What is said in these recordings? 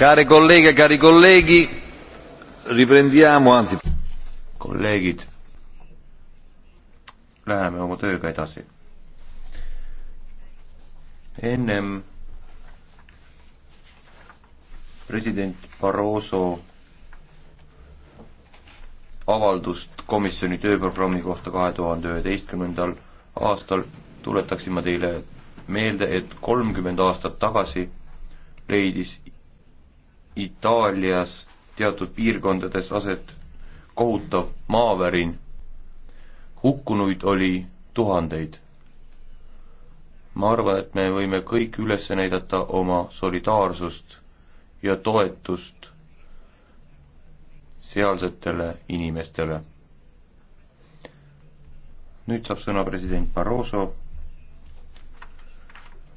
care kolleege, cari kolleegi, riprendiamo, anzi. kolleegid, läheme oma tööga edasi. ennem president Barroso avaldust komisjoni tööprogrammi kohta kahe tuhande üheteistkümnendal aastal tuletaksin ma teile meelde, et kolmkümmend aastat tagasi leidis Itaalias teatud piirkondades aset kohutav maavärin. hukkunuid oli tuhandeid. ma arvan, et me võime kõik üles näidata oma solidaarsust ja toetust sealsetele inimestele. nüüd saab sõna president Barroso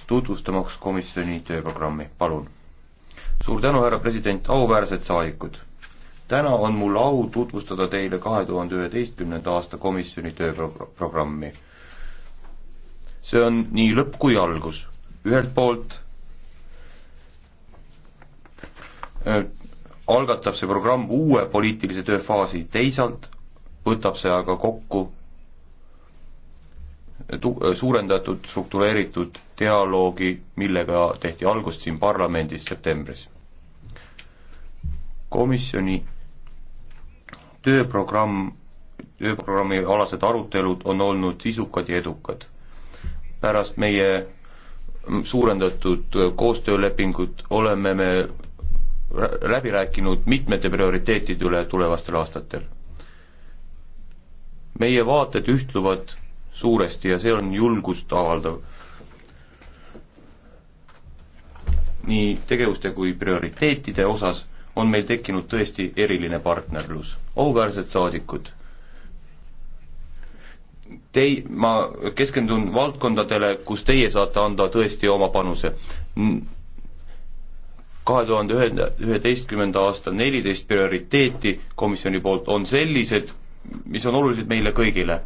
tutvustamaks komisjoni tööprogrammi, palun suur tänu, härra president, auväärsed saadikud! täna on mul au tutvustada teile kahe tuhande üheteistkümnenda aasta komisjoni tööprogrammi. see on nii lõpp kui algus. ühelt poolt äh, algatab see programm uue poliitilise tööfaasi, teisalt võtab see aga kokku äh, tu-, äh, suurendatud struktureeritud dialoogi, millega tehti algust siin parlamendis septembris komisjoni tööprogramm, tööprogrammi alased arutelud on olnud sisukad ja edukad. pärast meie suurendatud koostöölepingut oleme me läbi rääkinud mitmete prioriteetide üle tulevastel aastatel. meie vaated ühtluvad suuresti ja see on julgust avaldav. nii tegevuste kui prioriteetide osas on meil tekkinud tõesti eriline partnerlus. auväärsed saadikud, tei-, ma keskendun valdkondadele, kus teie saate anda tõesti oma panuse. kahe tuhande ühenda, üheteistkümnenda aasta neliteist prioriteeti komisjoni poolt on sellised, mis on olulised meile kõigile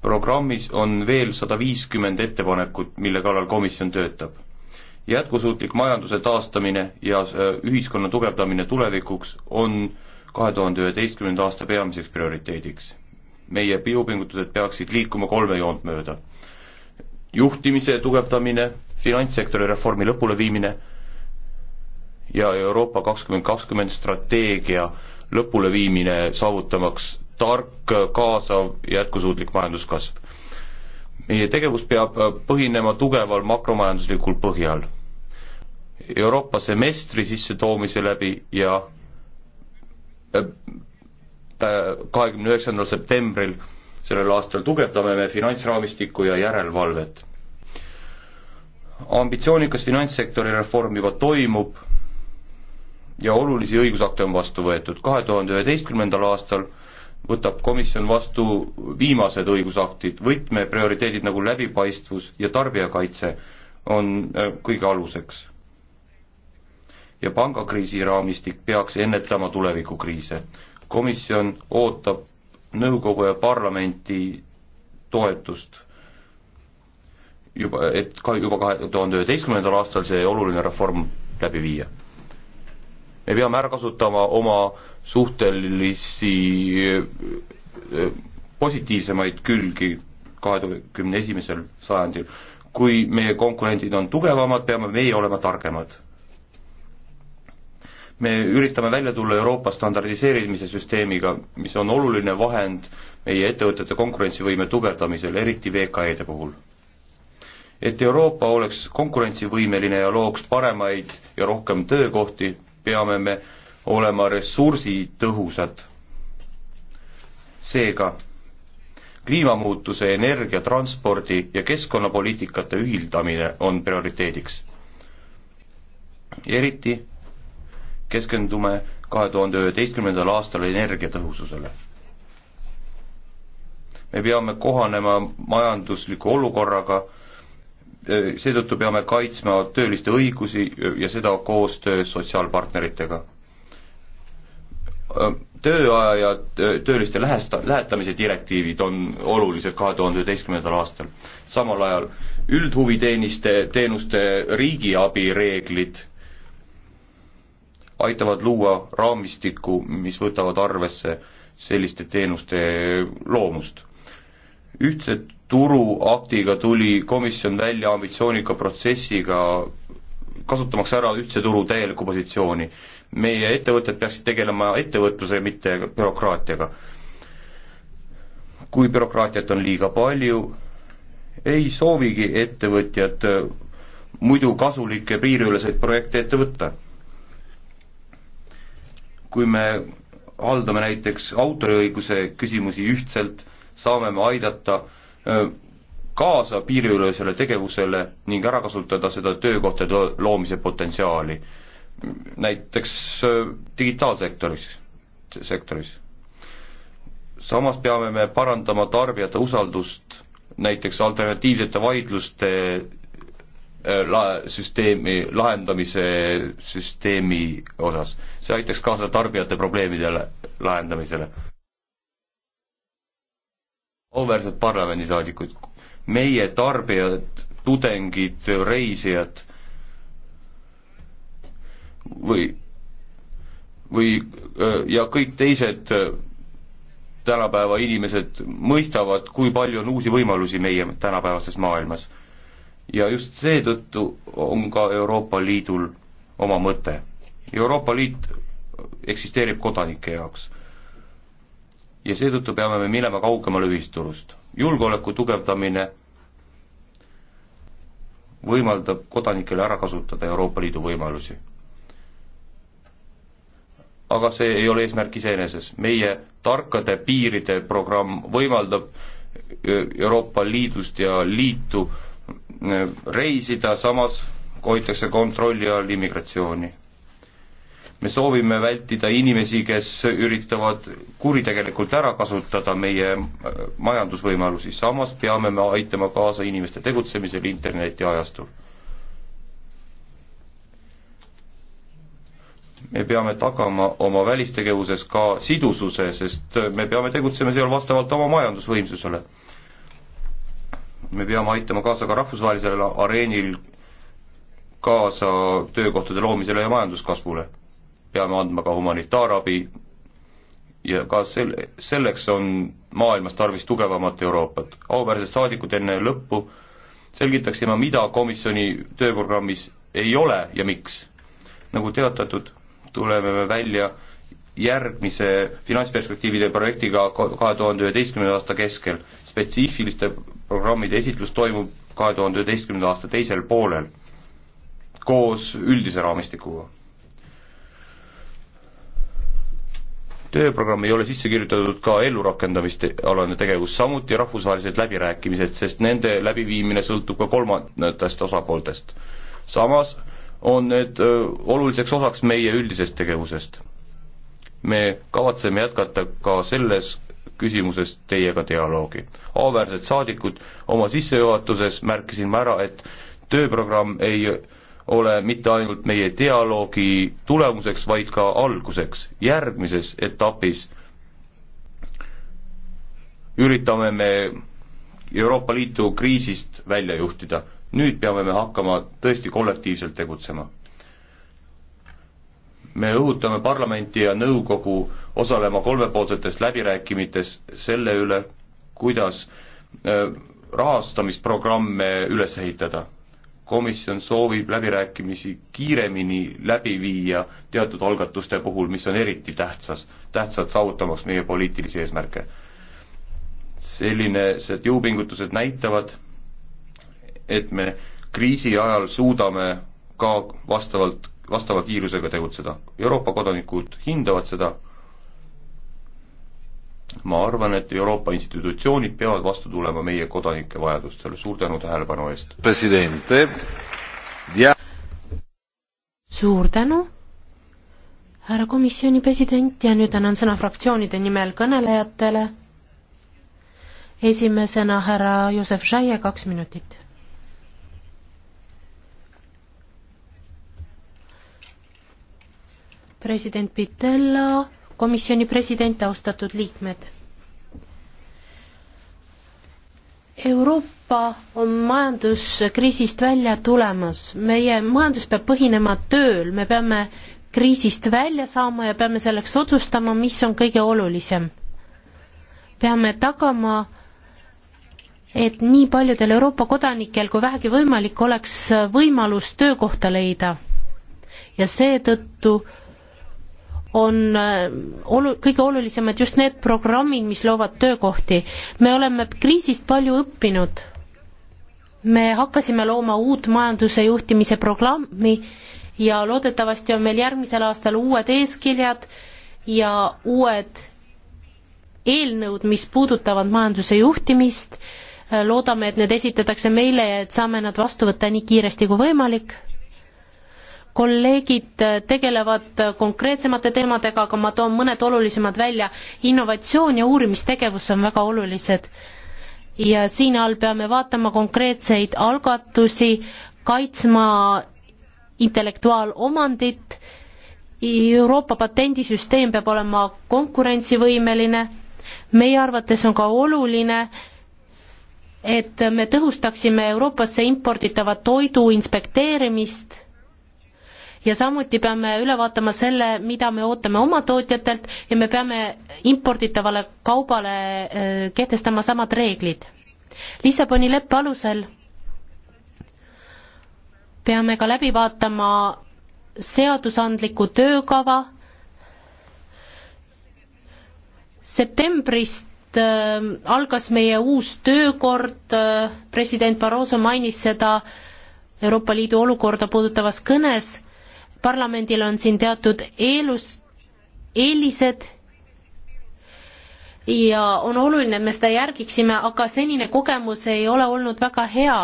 programmis on veel sada viiskümmend ettepanekut, mille kallal komisjon töötab jätkusuutlik majanduse taastamine ja äh, ühiskonna tugevdamine tulevikuks on kahe tuhande üheteistkümnenda aasta peamiseks prioriteediks. meie jõupingutused peaksid liikuma kolme joont mööda. juhtimise tugevdamine, finantssektori reformi lõpuleviimine ja Euroopa kakskümmend kakskümmend strateegia lõpuleviimine, saavutamaks tark, kaasav, jätkusuutlik majanduskasv meie tegevus peab põhinema tugeval makromajanduslikul põhjal. Euroopa semestri sissetoomise läbi ja äh, kahekümne üheksandal septembril sellel aastal tugevdame me finantsraamistikku ja järelevalvet. ambitsioonikas finantssektori reform juba toimub ja olulisi õigusakte on vastu võetud, kahe tuhande üheteistkümnendal aastal võtab komisjon vastu viimased õigusaktid, võtmeprioriteedid nagu läbipaistvus ja tarbijakaitse on äh, kõige aluseks ja pangakriisi raamistik peaks ennetama tulevikukriise. komisjon ootab nõukogu ja parlamenti toetust juba, et ka juba kahe tuhande üheteistkümnendal aastal see oluline reform läbi viia. me peame ära kasutama oma suhtelisi eh, positiivsemaid külgi kahekümne esimesel sajandil. kui meie konkurendid on tugevamad, peame meie olema targemad me üritame välja tulla Euroopa standardiseerimise süsteemiga, mis on oluline vahend meie ettevõtete konkurentsivõime tugevdamisel, eriti VKE-de puhul. et Euroopa oleks konkurentsivõimeline ja looks paremaid ja rohkem töökohti, peame me olema ressursitõhusad. seega kliimamuutuse, energia, transpordi ja keskkonnapoliitikate ühildamine on prioriteediks. eriti keskendume kahe tuhande üheteistkümnendal aastal energiatõhususele. me peame kohanema majandusliku olukorraga, e, seetõttu peame kaitsma tööliste õigusi ja seda koostöös sotsiaalpartneritega. E, tööaja ja tööliste lähesta-, lähetamise direktiivid on olulised kahe tuhande üheteistkümnendal aastal. samal ajal üldhuviteeniste, teenuste riigiabi reeglid aitavad luua raamistiku, mis võtavad arvesse selliste teenuste loomust. ühtse turuaktiga tuli komisjon välja ambitsioonika protsessiga, kasutamaks ära ühtse turu täielikku positsiooni. meie ettevõtted peaksid tegelema ettevõtluse, mitte bürokraatiaga. kui bürokraatiat on liiga palju, ei soovigi ettevõtjad muidu kasulikke piiriüleseid projekte ette võtta kui me haldame näiteks autoriõiguse küsimusi ühtselt, saame me aidata kaasa piiriülesele tegevusele ning ära kasutada seda töökohtade loomise potentsiaali. näiteks digitaalsektoris, sektoris. samas peame me parandama tarbijate usaldust näiteks alternatiivsete vaidluste Äh, la-, süsteemi, lahendamise süsteemi osas. see aitaks kaasa tarbijate probleemide lahendamisele. auväärsed parlamendisaadikud, meie tarbijad, tudengid, reisijad või, või äh, ja kõik teised äh, tänapäeva inimesed mõistavad, kui palju on uusi võimalusi meie tänapäevases maailmas ja just seetõttu on ka Euroopa Liidul oma mõte. Euroopa Liit eksisteerib kodanike jaoks. ja seetõttu peame me minema kaugemale ühisturust. julgeoleku tugevdamine võimaldab kodanikele ära kasutada Euroopa Liidu võimalusi. aga see ei ole eesmärk iseeneses, meie tarkade piiride programm võimaldab Euroopa Liidust ja liitu reisida, samas hoitakse kontrolli all immigratsiooni. me soovime vältida inimesi, kes üritavad kuritegelikult ära kasutada meie äh, majandusvõimalusi, samas peame me aitama kaasa inimeste tegutsemisele internetiajastul. me peame tagama oma välistegevuses ka sidususe, sest me peame tegutsema seal vastavalt oma majandusvõimsusele me peame aitama kaasa ka rahvusvahelisel areenil kaasa töökohtade loomisele ja majanduskasvule. peame andma ka humanitaarabi ja ka sel-, selleks on maailmas tarvis tugevamat Euroopat. auväärsed saadikud, enne lõppu selgitaksin ma, mida komisjoni tööprogrammis ei ole ja miks. nagu teatatud, tuleme me välja järgmise finantsperspektiivide projektiga kahe tuhande üheteistkümnenda aasta keskel. spetsiifiliste programmide esitlus toimub kahe tuhande üheteistkümnenda aasta teisel poolel koos üldise raamistikuga. tööprogramm ei ole sisse kirjutatud ka ellurakendamist alane tegevus, samuti rahvusvahelised läbirääkimised, sest nende läbiviimine sõltub ka kolmandatest osapooltest. samas on need öö, oluliseks osaks meie üldisest tegevusest me kavatseme jätkata ka selles küsimuses teiega dialoogi. auväärsed saadikud, oma sissejuhatuses märkisin ma ära, et tööprogramm ei ole mitte ainult meie dialoogi tulemuseks, vaid ka alguseks. järgmises etapis üritame me Euroopa Liitu kriisist välja juhtida. nüüd peame me hakkama tõesti kollektiivselt tegutsema me õhutame parlamenti ja nõukogu osalema kolmepoolsetes läbirääkimites selle üle, kuidas äh, rahastamisprogramme üles ehitada. komisjon soovib läbirääkimisi kiiremini läbi viia teatud algatuste puhul, mis on eriti tähtsas, tähtsad saavutamaks meie poliitilisi eesmärke. selline, see jõupingutused näitavad, et me kriisi ajal suudame ka vastavalt vastava kiirusega tegutseda. Euroopa kodanikud hindavad seda, ma arvan, et Euroopa institutsioonid peavad vastu tulema meie kodanike vajadustele, suur tänu tähelepanu eest! Ja... suur tänu, härra komisjoni president ja nüüd annan sõna fraktsioonide nimel kõnelejatele, esimesena härra Josef Žaie, kaks minutit president Pitella, komisjoni president, austatud liikmed. Euroopa on majanduskriisist välja tulemas, meie majandus peab põhinema tööl, me peame kriisist välja saama ja peame selleks otsustama, mis on kõige olulisem. peame tagama, et nii paljudel Euroopa kodanikel kui vähegi võimalik oleks võimalus töökohta leida. ja seetõttu on äh, olu-, kõige olulisemad just need programmid, mis loovad töökohti. me oleme kriisist palju õppinud. me hakkasime looma uut majanduse juhtimise programmi ja loodetavasti on meil järgmisel aastal uued eeskirjad ja uued eelnõud, mis puudutavad majanduse juhtimist, äh, loodame, et need esitatakse meile ja et saame nad vastu võtta nii kiiresti kui võimalik kolleegid äh, tegelevad äh, konkreetsemate teemadega, aga ma toon mõned olulisemad välja. innovatsioon ja uurimistegevus on väga olulised. ja siin all peame vaatama konkreetseid algatusi, kaitsma intellektuaalomandit, Euroopa patendisüsteem peab olema konkurentsivõimeline, meie arvates on ka oluline, et me tõhustaksime Euroopasse imporditava toidu inspekteerimist ja samuti peame üle vaatama selle, mida me ootame oma tootjatelt ja me peame imporditavale kaubale äh, kehtestama samad reeglid. Lissaboni leppe alusel peame ka läbi vaatama seadusandliku töökava. septembrist äh, algas meie uus töökord äh,, president Barroso mainis seda Euroopa Liidu olukorda puudutavas kõnes parlamendil on siin teatud eelus, eelised ja on oluline, et me seda järgiksime, aga senine kogemus ei ole olnud väga hea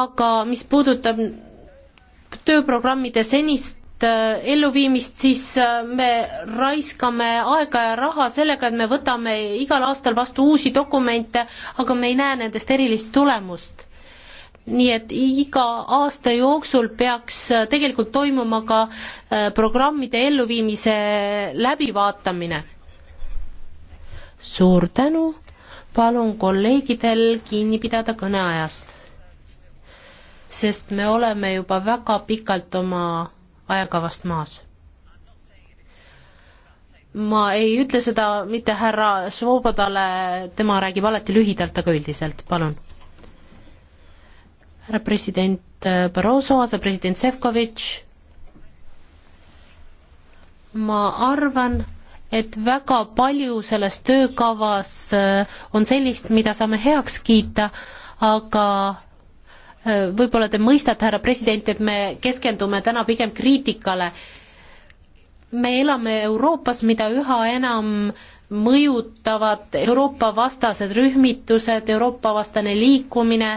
aga mis puudutab tööprogrammide senist Äh, elluviimist, siis äh, me raiskame aega ja raha sellega, et me võtame igal aastal vastu uusi dokumente, aga me ei näe nendest erilist tulemust. nii et iga aasta jooksul peaks äh, tegelikult toimuma ka programmide elluviimise läbivaatamine. suur tänu, palun kolleegidel kinni pidada kõneajast sest me oleme juba väga pikalt oma ajakavast maas. ma ei ütle seda mitte härra Svobodale, tema räägib alati lühidalt, aga üldiselt, palun. härra president Barroso, asepresident Sefkovitš, ma arvan, et väga palju selles töökavas äh, on sellist, mida saame heaks kiita, aga võib-olla te mõistate, härra president, et me keskendume täna pigem kriitikale. me elame Euroopas, mida üha enam mõjutavad Euroopa vastased rühmitused, Euroopa vastane liikumine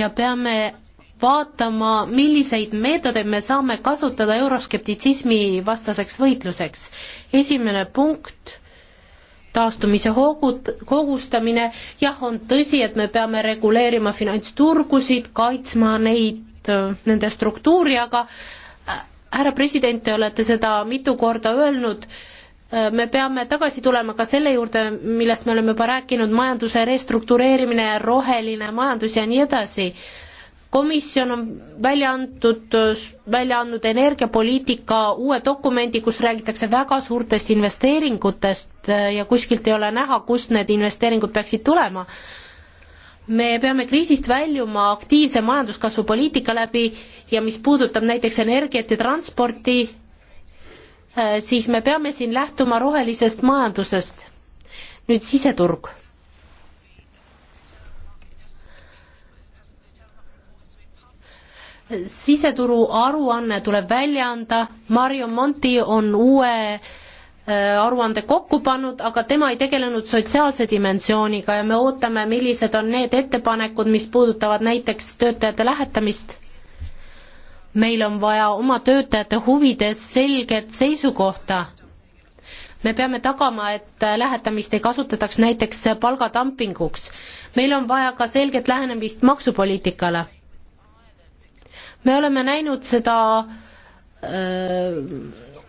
ja peame vaatama, milliseid meetodeid me saame kasutada euroskeptitsismi vastaseks võitluseks. esimene punkt taastumise hoogut-, hoogustamine, jah, on tõsi, et me peame reguleerima finantsturgusid, kaitsma neid, äh, nende struktuuri, aga äh, härra president, te olete seda mitu korda öelnud, äh, me peame tagasi tulema ka selle juurde, millest me oleme juba rääkinud, majanduse restruktureerimine, roheline majandus ja nii edasi komisjon on välja antud, välja andnud energiapoliitika uue dokumendi, kus räägitakse väga suurtest investeeringutest ja kuskilt ei ole näha, kust need investeeringud peaksid tulema. me peame kriisist väljuma aktiivse majanduskasvu poliitika läbi ja mis puudutab näiteks energiat ja transporti, eh, siis me peame siin lähtuma rohelisest majandusest. nüüd siseturg siseturu aruanne tuleb välja anda, Mario Monti on uue äh, aruande kokku pannud, aga tema ei tegelenud sotsiaalse dimensiooniga ja me ootame, millised on need ettepanekud, mis puudutavad näiteks töötajate lähetamist. meil on vaja oma töötajate huvides selget seisukohta. me peame tagama, et lähetamist ei kasutataks näiteks palgatampinguks. meil on vaja ka selget lähenemist maksupoliitikale me oleme näinud seda äh,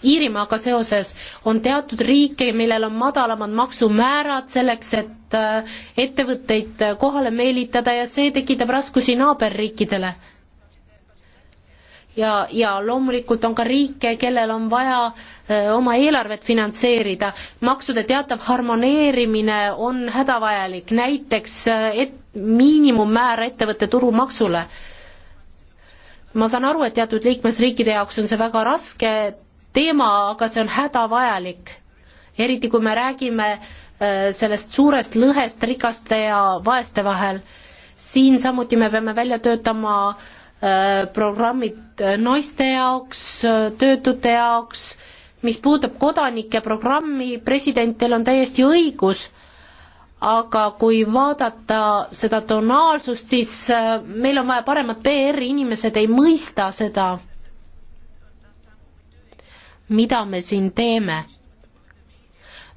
Iirimaaga seoses on teatud riike, millel on madalamad maksumäärad selleks, et äh, ettevõtteid äh, kohale meelitada ja see tekitab raskusi naaberriikidele ja, ja loomulikult on ka riike, kellel on vaja öö, äh, oma eelarvet finantseerida. maksude teatav harmoneerimine on hädavajalik, näiteks äh, et, miinimummäär ettevõtte turumaksule ma saan aru, et teatud liikmesriikide jaoks on see väga raske teema, aga see on hädavajalik. eriti kui me räägime äh, sellest suurest lõhest rikaste ja vaeste vahel, siin samuti me peame välja töötama äh, programmid äh, naiste jaoks, töötute jaoks, mis puudutab kodanike programmi, presidentil on täiesti õigus aga kui vaadata seda tonaalsust, siis äh, meil on vaja paremat PR-i, inimesed ei mõista seda, mida me siin teeme.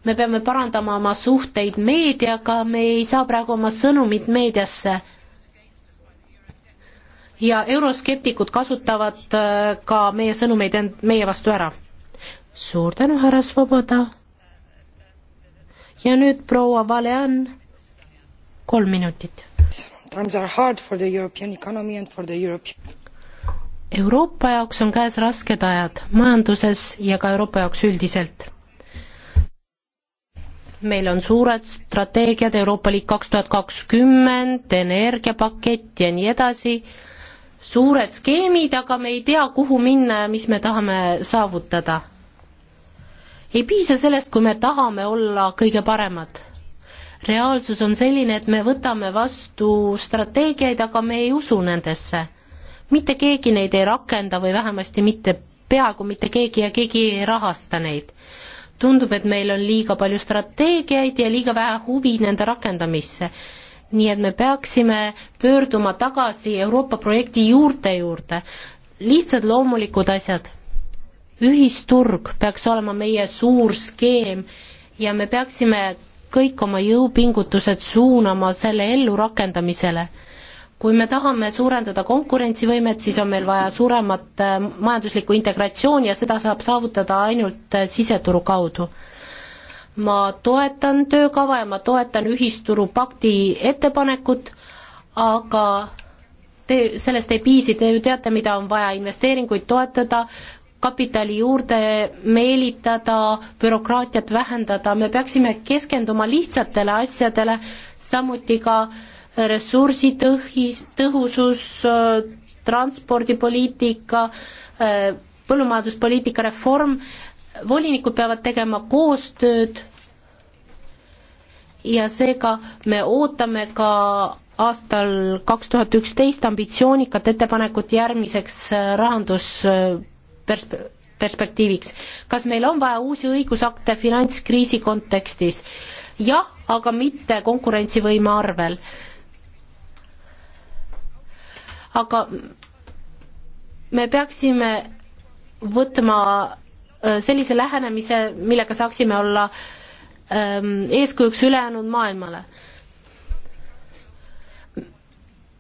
me peame parandama oma suhteid meediaga, me ei saa praegu oma sõnumit meediasse. ja euroskeptikud kasutavad äh, ka meie sõnumeid end, meie vastu ära. suur tänu, härra Svoboda ja nüüd proua Valean, kolm minutit. Times are hard for the European economy and for the European Euroopa jaoks on käes rasked ajad majanduses ja ka Euroopa jaoks üldiselt. meil on suured strateegiad, Euroopa Liit kaks tuhat kakskümmend, energiapakett ja nii edasi, suured skeemid, aga me ei tea, kuhu minna ja mis me tahame saavutada ei piisa sellest, kui me tahame olla kõige paremad. reaalsus on selline, et me võtame vastu strateegiaid, aga me ei usu nendesse. mitte keegi neid ei rakenda või vähemasti mitte, peaaegu mitte keegi ja keegi ei rahasta neid. tundub, et meil on liiga palju strateegiaid ja liiga vähe huvi nende rakendamisse. nii et me peaksime pöörduma tagasi Euroopa projekti juurte juurde, juurde.. lihtsad loomulikud asjad ühisturg peaks olema meie suur skeem ja me peaksime kõik oma jõupingutused suunama selle ellurakendamisele. kui me tahame suurendada konkurentsivõimet, siis on meil vaja suuremat äh, majanduslikku integratsiooni ja seda saab saavutada ainult äh, siseturu kaudu. ma toetan töökava ja ma toetan ühisturu pakti ettepanekut, aga te, sellest ei piisi, te ju teate, mida on vaja investeeringuid toetada, kapitali juurde meelitada, bürokraatiat vähendada, me peaksime keskenduma lihtsatele asjadele, samuti ka ressursitõhis, tõhusus, transpordipoliitika, põllumajanduspoliitika reform, volinikud peavad tegema koostööd ja seega me ootame ka aastal kaks tuhat üksteist ambitsioonikat ettepanekut järgmiseks äh, rahandus persp-, perspektiiviks. kas meil on vaja uusi õigusakte finantskriisi kontekstis? jah, aga mitte konkurentsivõime arvel. aga me peaksime võtma äh, sellise lähenemise, millega saaksime olla ähm, eeskujuks ülejäänud maailmale.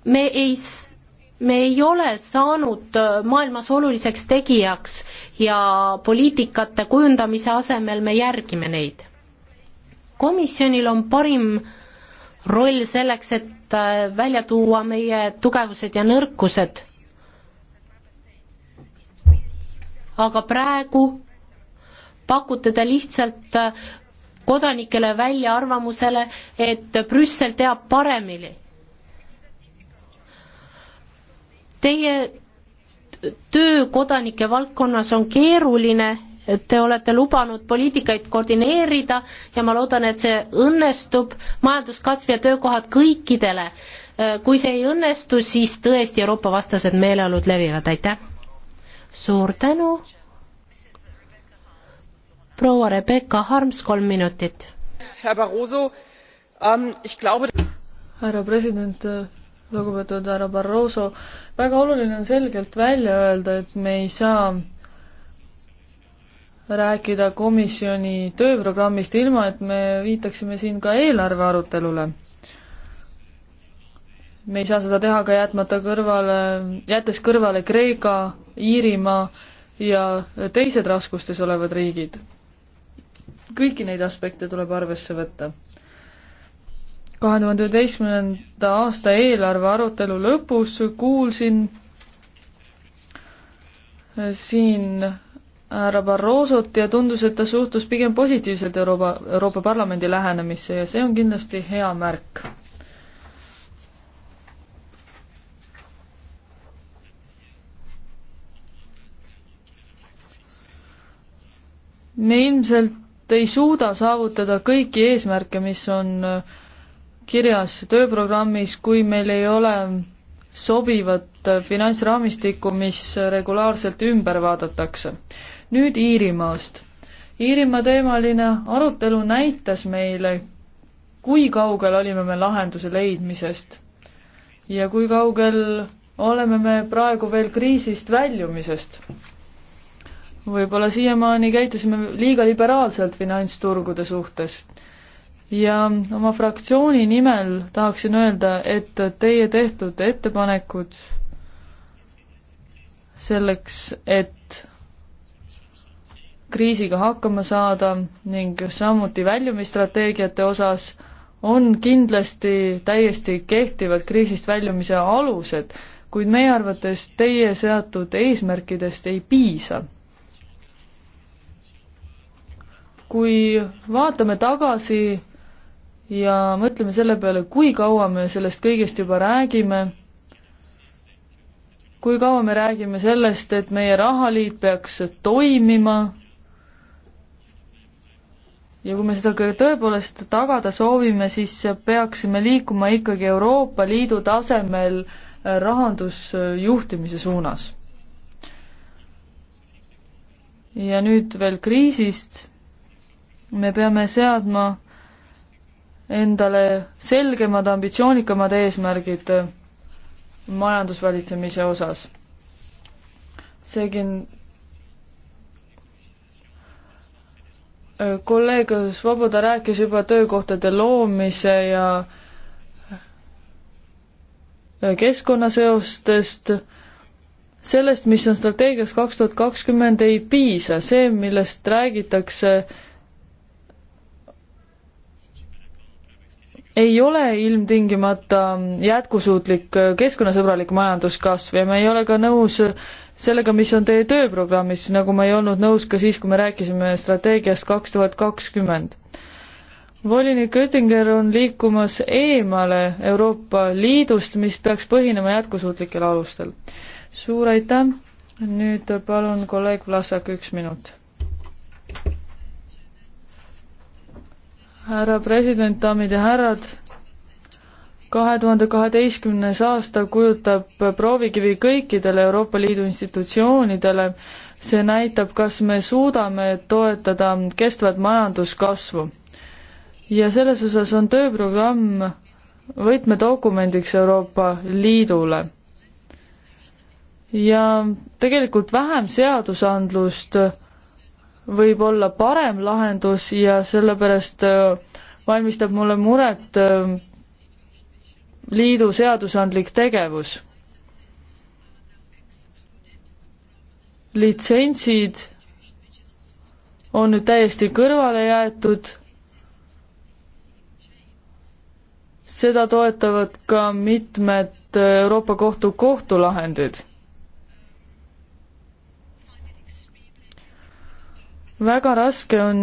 me ei me ei ole saanud äh, maailmas oluliseks tegijaks ja poliitikate kujundamise asemel me järgime neid. komisjonil on parim roll selleks, et äh, välja tuua meie tugevused ja nõrkused. aga praegu pakute te lihtsalt äh, kodanikele välja arvamusele, et Brüssel teab paremini Teie töö kodanike valdkonnas on keeruline, te olete lubanud poliitikaid koordineerida ja ma loodan, et see õnnestub, majanduskasv ja töökohad kõikidele. kui see ei õnnestu, siis tõesti Euroopa-vastased meeleolud levivad, aitäh! suur tänu! proua Rebecca Harms, kolm minutit. Ähm, härra president, lugupeetud härra Barroso, väga oluline on selgelt välja öelda, et me ei saa rääkida komisjoni tööprogrammist, ilma et me viitaksime siin ka eelarve arutelule. me ei saa seda teha ka jätmata kõrvale, jättes kõrvale Kreeka, Iirimaa ja teised raskustes olevad riigid. kõiki neid aspekte tuleb arvesse võtta kahe tuhande üheteistkümnenda aasta eelarve arutelu lõpus kuulsin siin härra Barrosot ja tundus, et ta suhtus pigem positiivselt Euroopa, Euroopa Parlamendi lähenemisse ja see on kindlasti hea märk. me ilmselt ei suuda saavutada kõiki eesmärke, mis on äh, kirjas tööprogrammis, kui meil ei ole sobivat finantsraamistikku, mis regulaarselt ümber vaadatakse. nüüd Iirimaast. Iirimaa teemaline arutelu näitas meile, kui kaugel olime me lahenduse leidmisest ja kui kaugel oleme me praegu veel kriisist väljumisest. võib-olla siiamaani käitusime liiga liberaalselt finantsturgude suhtes ja oma fraktsiooni nimel tahaksin öelda, et teie tehtud ettepanekud selleks, et kriisiga hakkama saada ning samuti väljumisstrateegiate osas on kindlasti täiesti kehtivad kriisist väljumise alused, kuid meie arvates teie seatud eesmärkidest ei piisa. kui vaatame tagasi ja mõtleme selle peale, kui kaua me sellest kõigest juba räägime, kui kaua me räägime sellest, et meie rahaliit peaks toimima ja kui me seda ka tõepoolest tagada soovime, siis peaksime liikuma ikkagi Euroopa Liidu tasemel rahandusjuhtimise suunas. ja nüüd veel kriisist, me peame seadma endale selgemad, ambitsioonikamad eesmärgid majandusvalitsemise osas. seegi äh, kolleeg Svoboda rääkis juba töökohtade loomise ja äh, keskkonnaseostest, sellest, mis on strateegias kaks tuhat kakskümmend, ei piisa, see, millest räägitakse ei ole ilmtingimata jätkusuutlik keskkonnasõbralik majanduskasv ja me ei ole ka nõus sellega, mis on teie tööprogrammis, nagu me ei olnud nõus ka siis, kui me rääkisime strateegiast kaks tuhat kakskümmend. volinik Oettinger on liikumas eemale Euroopa Liidust, mis peaks põhinema jätkusuutlikel alustel. suur aitäh, nüüd palun kolleeg Vlasak üks minut härra president, daamid ja härrad. kahe tuhande kaheteistkümnes aasta kujutab proovikivi kõikidele Euroopa Liidu institutsioonidele. see näitab, kas me suudame toetada kestvat majanduskasvu. ja selles osas on tööprogramm võtmedokumendiks Euroopa Liidule. ja tegelikult vähem seadusandlust võib olla parem lahendus ja sellepärast äh, valmistab mulle muret äh, liidu seadusandlik tegevus. litsentsid on nüüd täiesti kõrvale jäetud, seda toetavad ka mitmed Euroopa Kohtu kohtulahendid väga raske on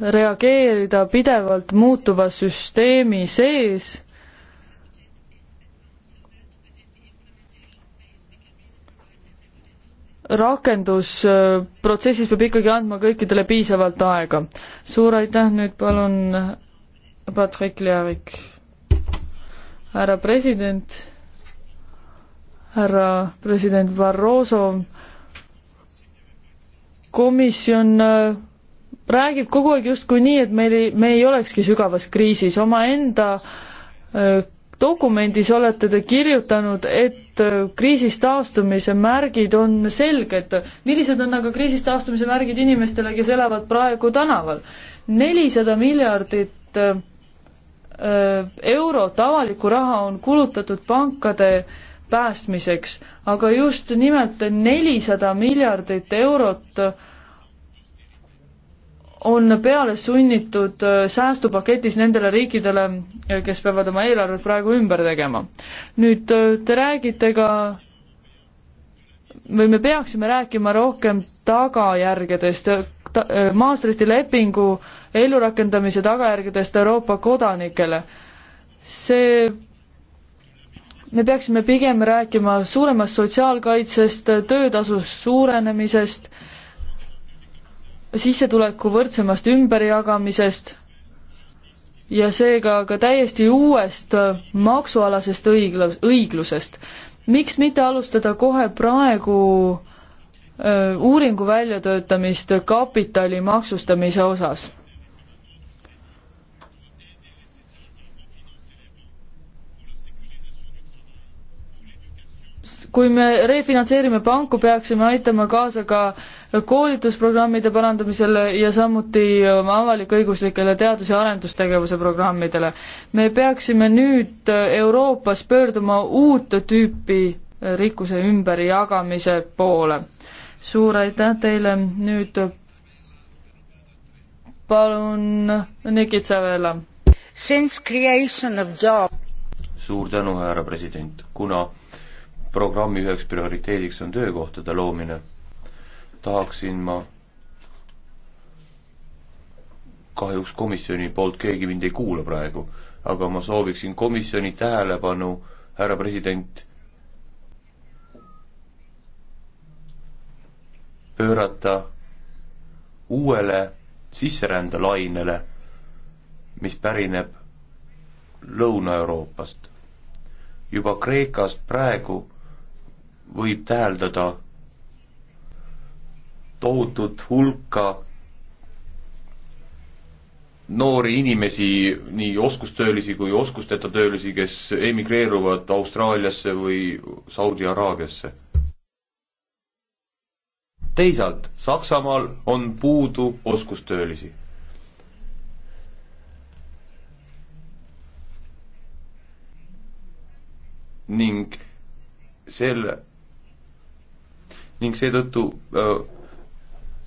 reageerida pidevalt muutuva süsteemi sees rakendusprotsessis peab ikkagi andma kõikidele piisavalt aega. suur aitäh, nüüd palun Patrick Ljavik. härra president, härra president Barroso, komisjon äh, räägib kogu aeg justkui nii, et meil ei, me ei olekski sügavas kriisis, omaenda äh, dokumendis olete te kirjutanud, et äh, kriisist taastumise märgid on selged. millised on aga kriisist taastumise märgid inimestele, kes elavad praegu tänaval? nelisada miljardit eurot avalikku raha on kulutatud pankade äh, päästmiseks, aga just nimelt nelisada miljardit eurot on peale sunnitud säästupaketis nendele riikidele, kes peavad oma eelarvet praegu ümber tegema. nüüd te räägite ka või me peaksime rääkima rohkem tagajärgedest ta,, Maastrichti lepingu ellurakendamise tagajärgedest Euroopa kodanikele. see me peaksime pigem rääkima suuremast sotsiaalkaitsest, töötasu suurenemisest, sissetuleku võrdsemast ümberjagamisest ja seega ka täiesti uuest maksualasest õiglus, õiglusest. miks mitte alustada kohe praegu uuringu väljatöötamist kapitali maksustamise osas? kui me refinantseerime panku, peaksime aitama kaasa ka koolitusprogrammide parandamisele ja samuti avalik-õiguslikele teadus- ja arendustegevuse programmidele. me peaksime nüüd Euroopas pöörduma uut tüüpi rikkuse ümberjagamise poole. suur aitäh teile, nüüd palun Nikit Savela. Since creation of job. suur tänu, härra president, kuna programmi üheks prioriteediks on töökohtade loomine, tahaksin ma kahjuks komisjoni poolt keegi mind ei kuula praegu, aga ma sooviksin komisjoni tähelepanu, härra president, pöörata uuele sisserändelainele, mis pärineb Lõuna-Euroopast. juba Kreekast praegu võib täheldada tohutut hulka noori inimesi, nii oskustöölisi kui oskusteta töölisi, kes emigreeruvad Austraaliasse või Saudi Araabiasse. teisalt, Saksamaal on puudu oskustöölisi. ning selle ning seetõttu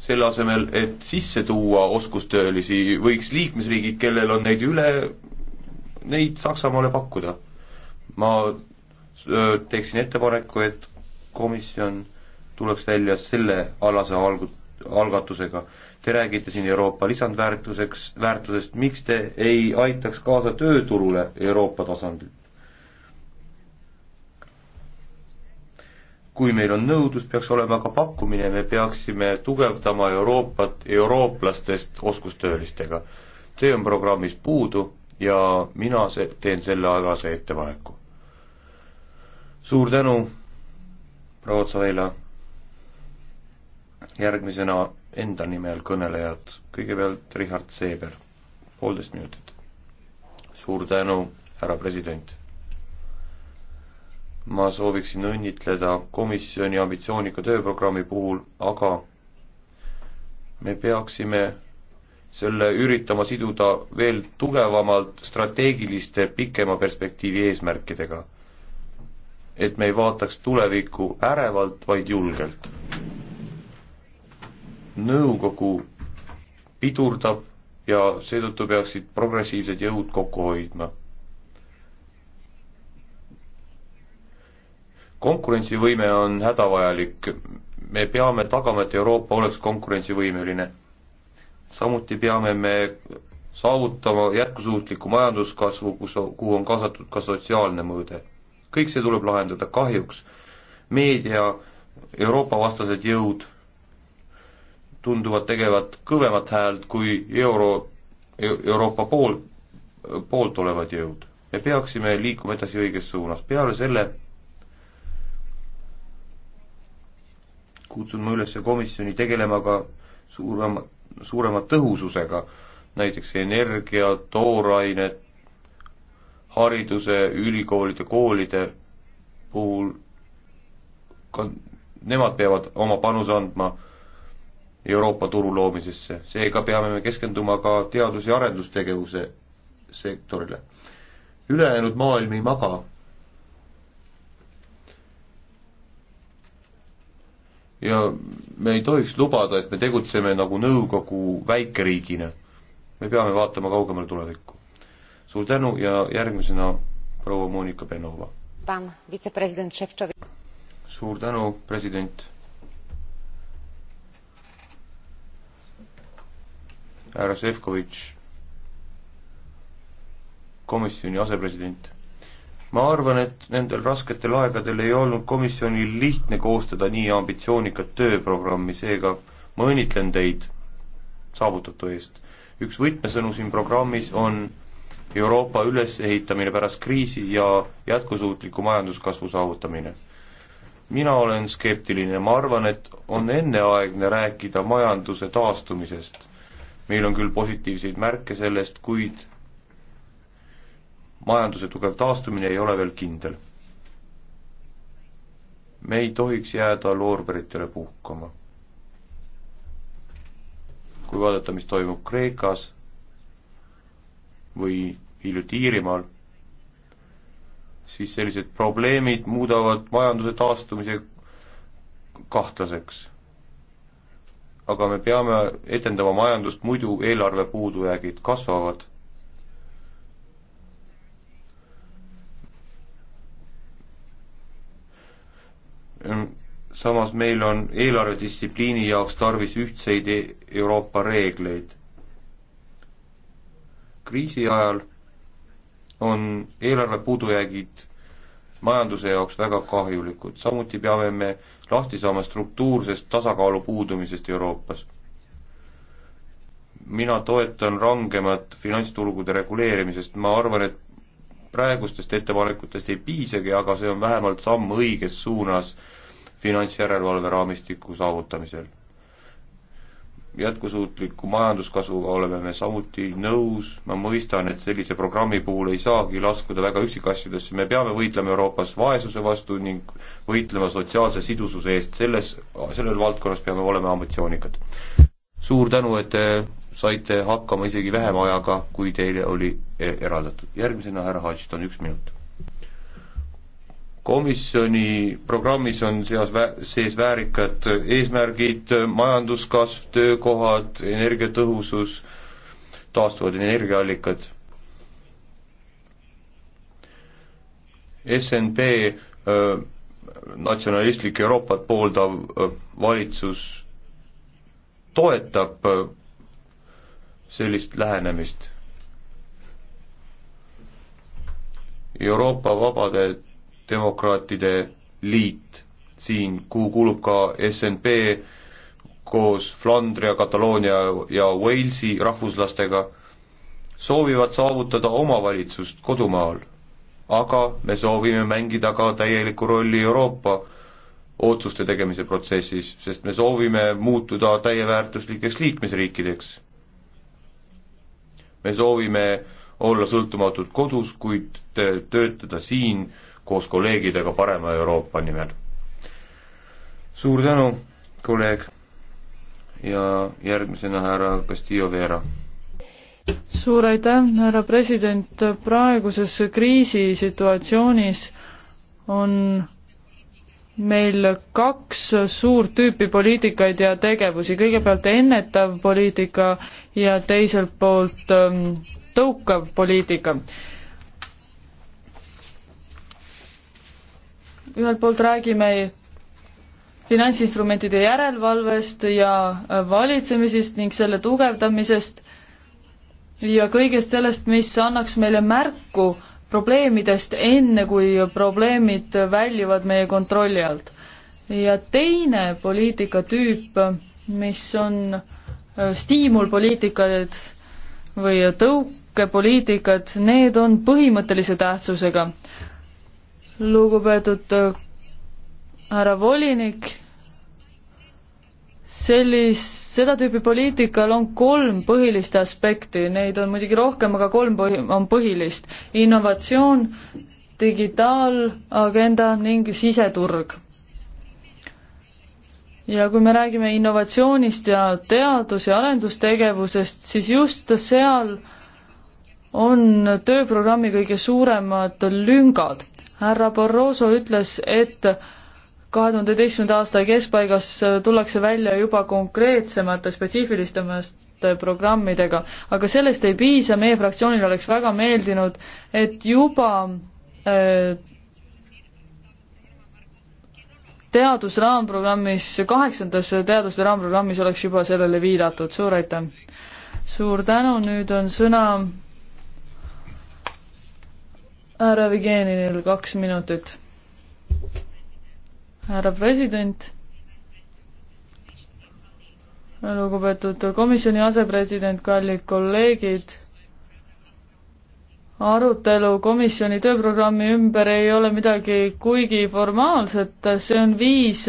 selle asemel, et sisse tuua oskustöölisi, võiks liikmesriigid, kellel on neid üle, neid Saksamaale pakkuda. ma teeksin ettepaneku, et komisjon tuleks välja selle alase alg-, algatusega. Te räägite siin Euroopa lisandväärtuseks, väärtusest, miks te ei aitaks kaasa tööturule Euroopa tasandil? kui meil on nõudlus, peaks olema ka pakkumine, me peaksime tugevdama Euroopat eurooplastest oskustöölistega. see on programmis puudu ja mina se-, teen sellealase ettepaneku. suur tänu, proua Otsa-Veila, järgmisena enda nimel kõnelejad, kõigepealt Richard Seeber, poolteist minutit. suur tänu, härra president ma sooviksin õnnitleda komisjoni ambitsioonika tööprogrammi puhul, aga me peaksime selle üritama siduda veel tugevamalt strateegiliste pikema perspektiivi eesmärkidega. et me ei vaataks tulevikku ärevalt, vaid julgelt. nõukogu pidurdab ja seetõttu peaksid progressiivsed jõud kokku hoidma konkurentsivõime on hädavajalik, me peame tagama, et Euroopa oleks konkurentsivõimeline. samuti peame me saavutama jätkusuutliku majanduskasvu, kus, kuhu on kaasatud ka sotsiaalne mõõde. kõik see tuleb lahendada, kahjuks meedia, Euroopa-vastased jõud tunduvad tegevat kõvemat häält kui euro, e, Euroopa pool, poolt olevad jõud. me peaksime liikuma edasi õiges suunas, peale selle kutsun ma üles komisjoni tegelema ka suurema, suurema tõhususega, näiteks energia, toorained, hariduse, ülikoolide, koolide puhul, ka nemad peavad oma panuse andma Euroopa turu loomisesse, seega peame me keskenduma ka teadus- ja arendustegevuse sektorile. ülejäänud maailm ei maga ja me ei tohiks lubada, et me tegutseme nagu nõukogu väikeriigina. me peame vaatama kaugemale tulevikku. suur tänu ja järgmisena proua Monika Benova. suur tänu, president. härra Šefkovitš, komisjoni asepresident ma arvan, et nendel rasketel aegadel ei olnud komisjonil lihtne koostada nii ambitsioonikat tööprogrammi, seega ma õnnitlen teid saavutatu eest. üks võtmesõnu siin programmis on Euroopa ülesehitamine pärast kriisi ja jätkusuutliku majanduskasvu saavutamine. mina olen skeptiline, ma arvan, et on enneaegne rääkida majanduse taastumisest. meil on küll positiivseid märke sellest, kuid majanduse tugev taastumine ei ole veel kindel. me ei tohiks jääda loorberitele puhkama. kui vaadata, mis toimub Kreekas või hiljuti Iirimaal, siis sellised probleemid muudavad majanduse taastumise kahtlaseks. aga me peame etendama majandust, muidu eelarve puudujäägid kasvavad Ehm, samas meil on eelarvedistsipliini jaoks tarvis ühtseid e-, Euroopa reegleid. kriisi ajal on eelarve puudujäägid majanduse jaoks väga kahjulikud, samuti peame me lahti saama struktuursest tasakaalu puudumisest Euroopas. mina toetan rangemat finantsturgude reguleerimisest, ma arvan, et praegustest ettepanekutest ei piisagi, aga see on vähemalt samm õiges suunas finantsjärelevalve raamistiku saavutamisel. jätkusuutliku majanduskasvuga oleme me samuti nõus, ma mõistan, et sellise programmi puhul ei saagi laskuda väga üksikasjadesse, me peame võitlema Euroopas vaesuse vastu ning võitlema sotsiaalse sidususe eest, selles, selles valdkonnas peame olema ambitsioonikad. suur tänu, et te saite hakkama isegi vähema ajaga, kui teile oli e-, eraldatud. järgmisena härra Hodgson, üks minut komisjoni programmis on seas vä-, sees väärikad eesmärgid, majanduskasv, töökohad, energiatõhusus, taastuvad energiaallikad. SNP öö, natsionalistlik Euroopat pooldav öö, valitsus toetab öö, sellist lähenemist. Euroopa vabade demokraatide liit siin, kuhu kuulub ka SNP koos Flandria, Kataloonia ja Walesi rahvuslastega, soovivad saavutada omavalitsust kodumaal. aga me soovime mängida ka täielikku rolli Euroopa otsuste tegemise protsessis, sest me soovime muutuda täieväärtuslikeks liikmesriikideks. me soovime olla sõltumatud kodus, kuid töötada siin äh, koos kolleegidega parema Euroopa nimel. suur tänu, kolleeg, ja järgmisena härra Castillo Vera. suur aitäh, härra president, praeguses kriisisituatsioonis on meil kaks suurt tüüpi poliitikaid ja tegevusi, kõigepealt ennetav poliitika ja teiselt poolt ähm, tõukav poliitika ühelt poolt räägime finantsinstrumentide järelevalvest ja äh, valitsemisest ning selle tugevdamisest ja kõigest sellest, mis annaks meile märku probleemidest, enne kui probleemid väljuvad meie kontrolli alt. ja teine poliitikatüüp, mis on äh, stiimulpoliitikad või tõukepoliitikad, need on põhimõttelise tähtsusega lugupeetud äh, härra volinik, sellist, seda tüüpi poliitikal on kolm põhilist aspekti, neid on muidugi rohkem, aga kolm põhi, on põhilist. innovatsioon, digitaalagenda ning siseturg. ja kui me räägime innovatsioonist ja teadus- ja arendustegevusest, siis just seal on tööprogrammi kõige suuremad lüngad härra Barroso ütles, et kahe tuhande üheteistkümnenda aasta keskpaigas tullakse välja juba konkreetsemate spetsiifilisemate programmidega, aga sellest ei piisa, meie fraktsioonil oleks väga meeldinud, et juba äh, teadus raamprogrammis, kaheksandas teadus raamprogrammis oleks juba sellele viidatud, suur aitäh! suur tänu, nüüd on sõna härra Vigeninil kaks minutit. härra president, lugupeetud komisjoni asepresident, kallid kolleegid, arutelu komisjoni tööprogrammi ümber ei ole midagi kuigi formaalset, see on viis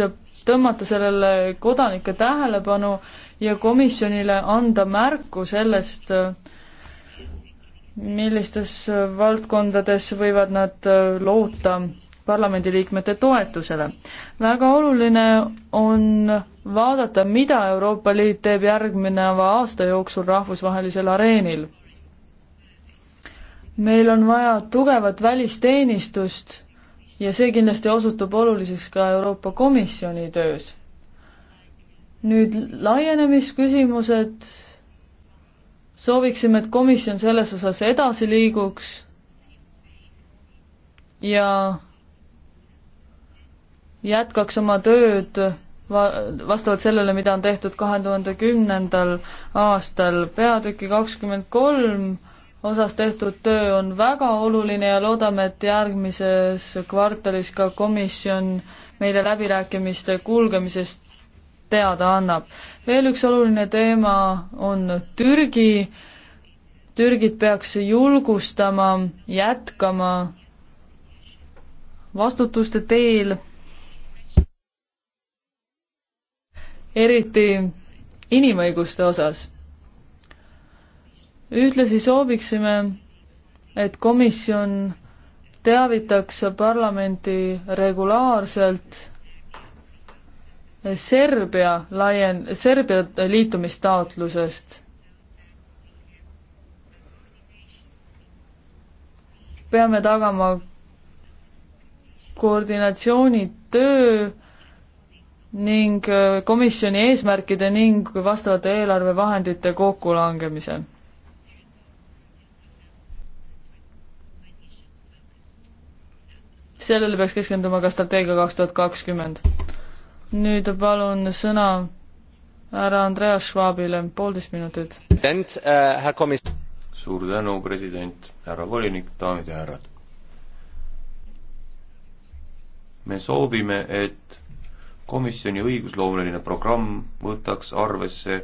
tõmmata sellele kodanike tähelepanu ja komisjonile anda märku sellest, millistes valdkondades võivad nad äh, loota parlamendiliikmete toetusele. väga oluline on vaadata, mida Euroopa Liit teeb järgmineva aasta jooksul rahvusvahelisel areenil. meil on vaja tugevat välisteenistust ja see kindlasti osutub oluliseks ka Euroopa Komisjoni töös. nüüd laienemisküsimused sooviksime, et komisjon selles osas edasi liiguks ja jätkaks oma tööd va-, vastavalt sellele, mida on tehtud kahe tuhande kümnendal aastal. peatüki kakskümmend kolm osas tehtud töö on väga oluline ja loodame, et järgmises kvartalis ka komisjon meile läbirääkimiste kulgemisest teada annab veel üks oluline teema on Türgi. Türgit peaks julgustama jätkama vastutuste teel. eriti inimõiguste osas. ühtlasi sooviksime, et komisjon teavitaks parlamenti regulaarselt Serbia laien-, Serbia liitumistaotlusest. peame tagama koordinatsiooni töö ning äh, komisjoni eesmärkide ning vastavate eelarvevahendite kokkulangemise. sellele peaks keskenduma ka strateegia kaks tuhat kakskümmend nüüd palun sõna härra Andreas Schwabile, poolteist minutit. Äh, suur tänu, president, härra volinik, daamid ja härrad. me soovime, et komisjoni õigusloomeline programm võtaks arvesse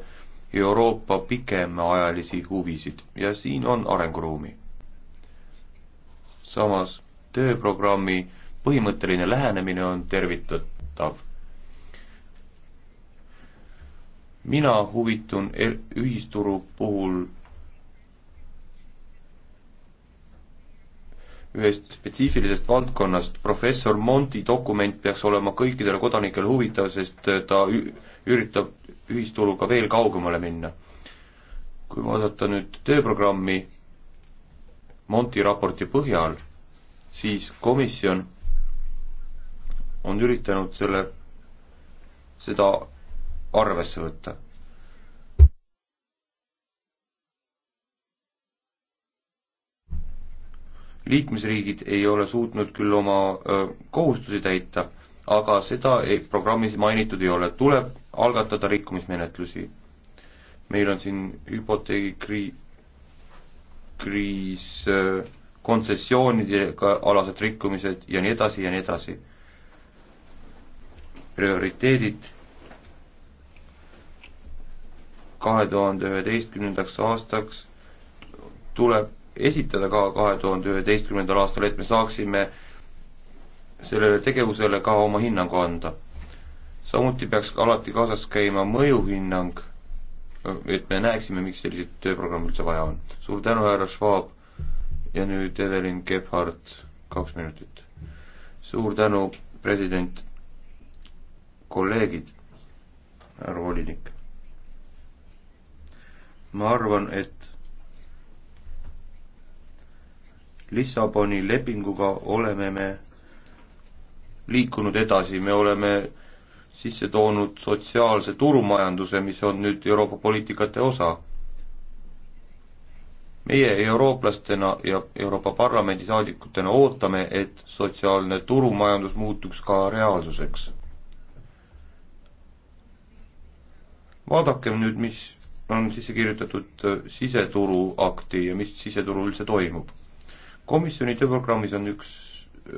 Euroopa pikemaajalisi huvisid ja siin on arenguruumi. samas tööprogrammi põhimõtteline lähenemine on tervitatav mina huvitun e-, ühisturu puhul ühest spetsiifilisest valdkonnast, professor Monti dokument peaks olema kõikidele kodanikele huvitav, sest ta üritab ühisturuga veel kaugemale minna. kui vaadata nüüd tööprogrammi Monti raporti põhjal, siis komisjon on üritanud selle, seda arvesse võtta. liikmesriigid ei ole suutnud küll oma öö, kohustusi täita, aga seda ei, programmis mainitud ei ole, tuleb algatada rikkumismenetlusi. meil on siin hüpoteegikriis, kriis, kontsessioonidega alased rikkumised ja nii edasi ja nii edasi. prioriteedid kahe tuhande üheteistkümnendaks aastaks tuleb esitada ka kahe tuhande üheteistkümnendal aastal, et me saaksime sellele tegevusele ka oma hinnangu anda. samuti peaks ka alati kaasas käima mõjuhinnang, et me näeksime, miks selliseid tööprogramme üldse vaja on. suur tänu, härra Schwab ja nüüd Evelyn Gebhardt, kaks minutit. suur tänu, president, kolleegid, härra volinik ma arvan, et Lissaboni lepinguga oleme me liikunud edasi, me oleme sisse toonud sotsiaalse turumajanduse, mis on nüüd Euroopa poliitikate osa. meie eurooplastena ja Euroopa Parlamendi saadikutena ootame, et sotsiaalne turumajandus muutuks ka reaalsuseks. vaadakem nüüd, mis on sisse kirjutatud äh, siseturu akti ja mis siseturul üldse toimub. komisjoni tööprogrammis on üks,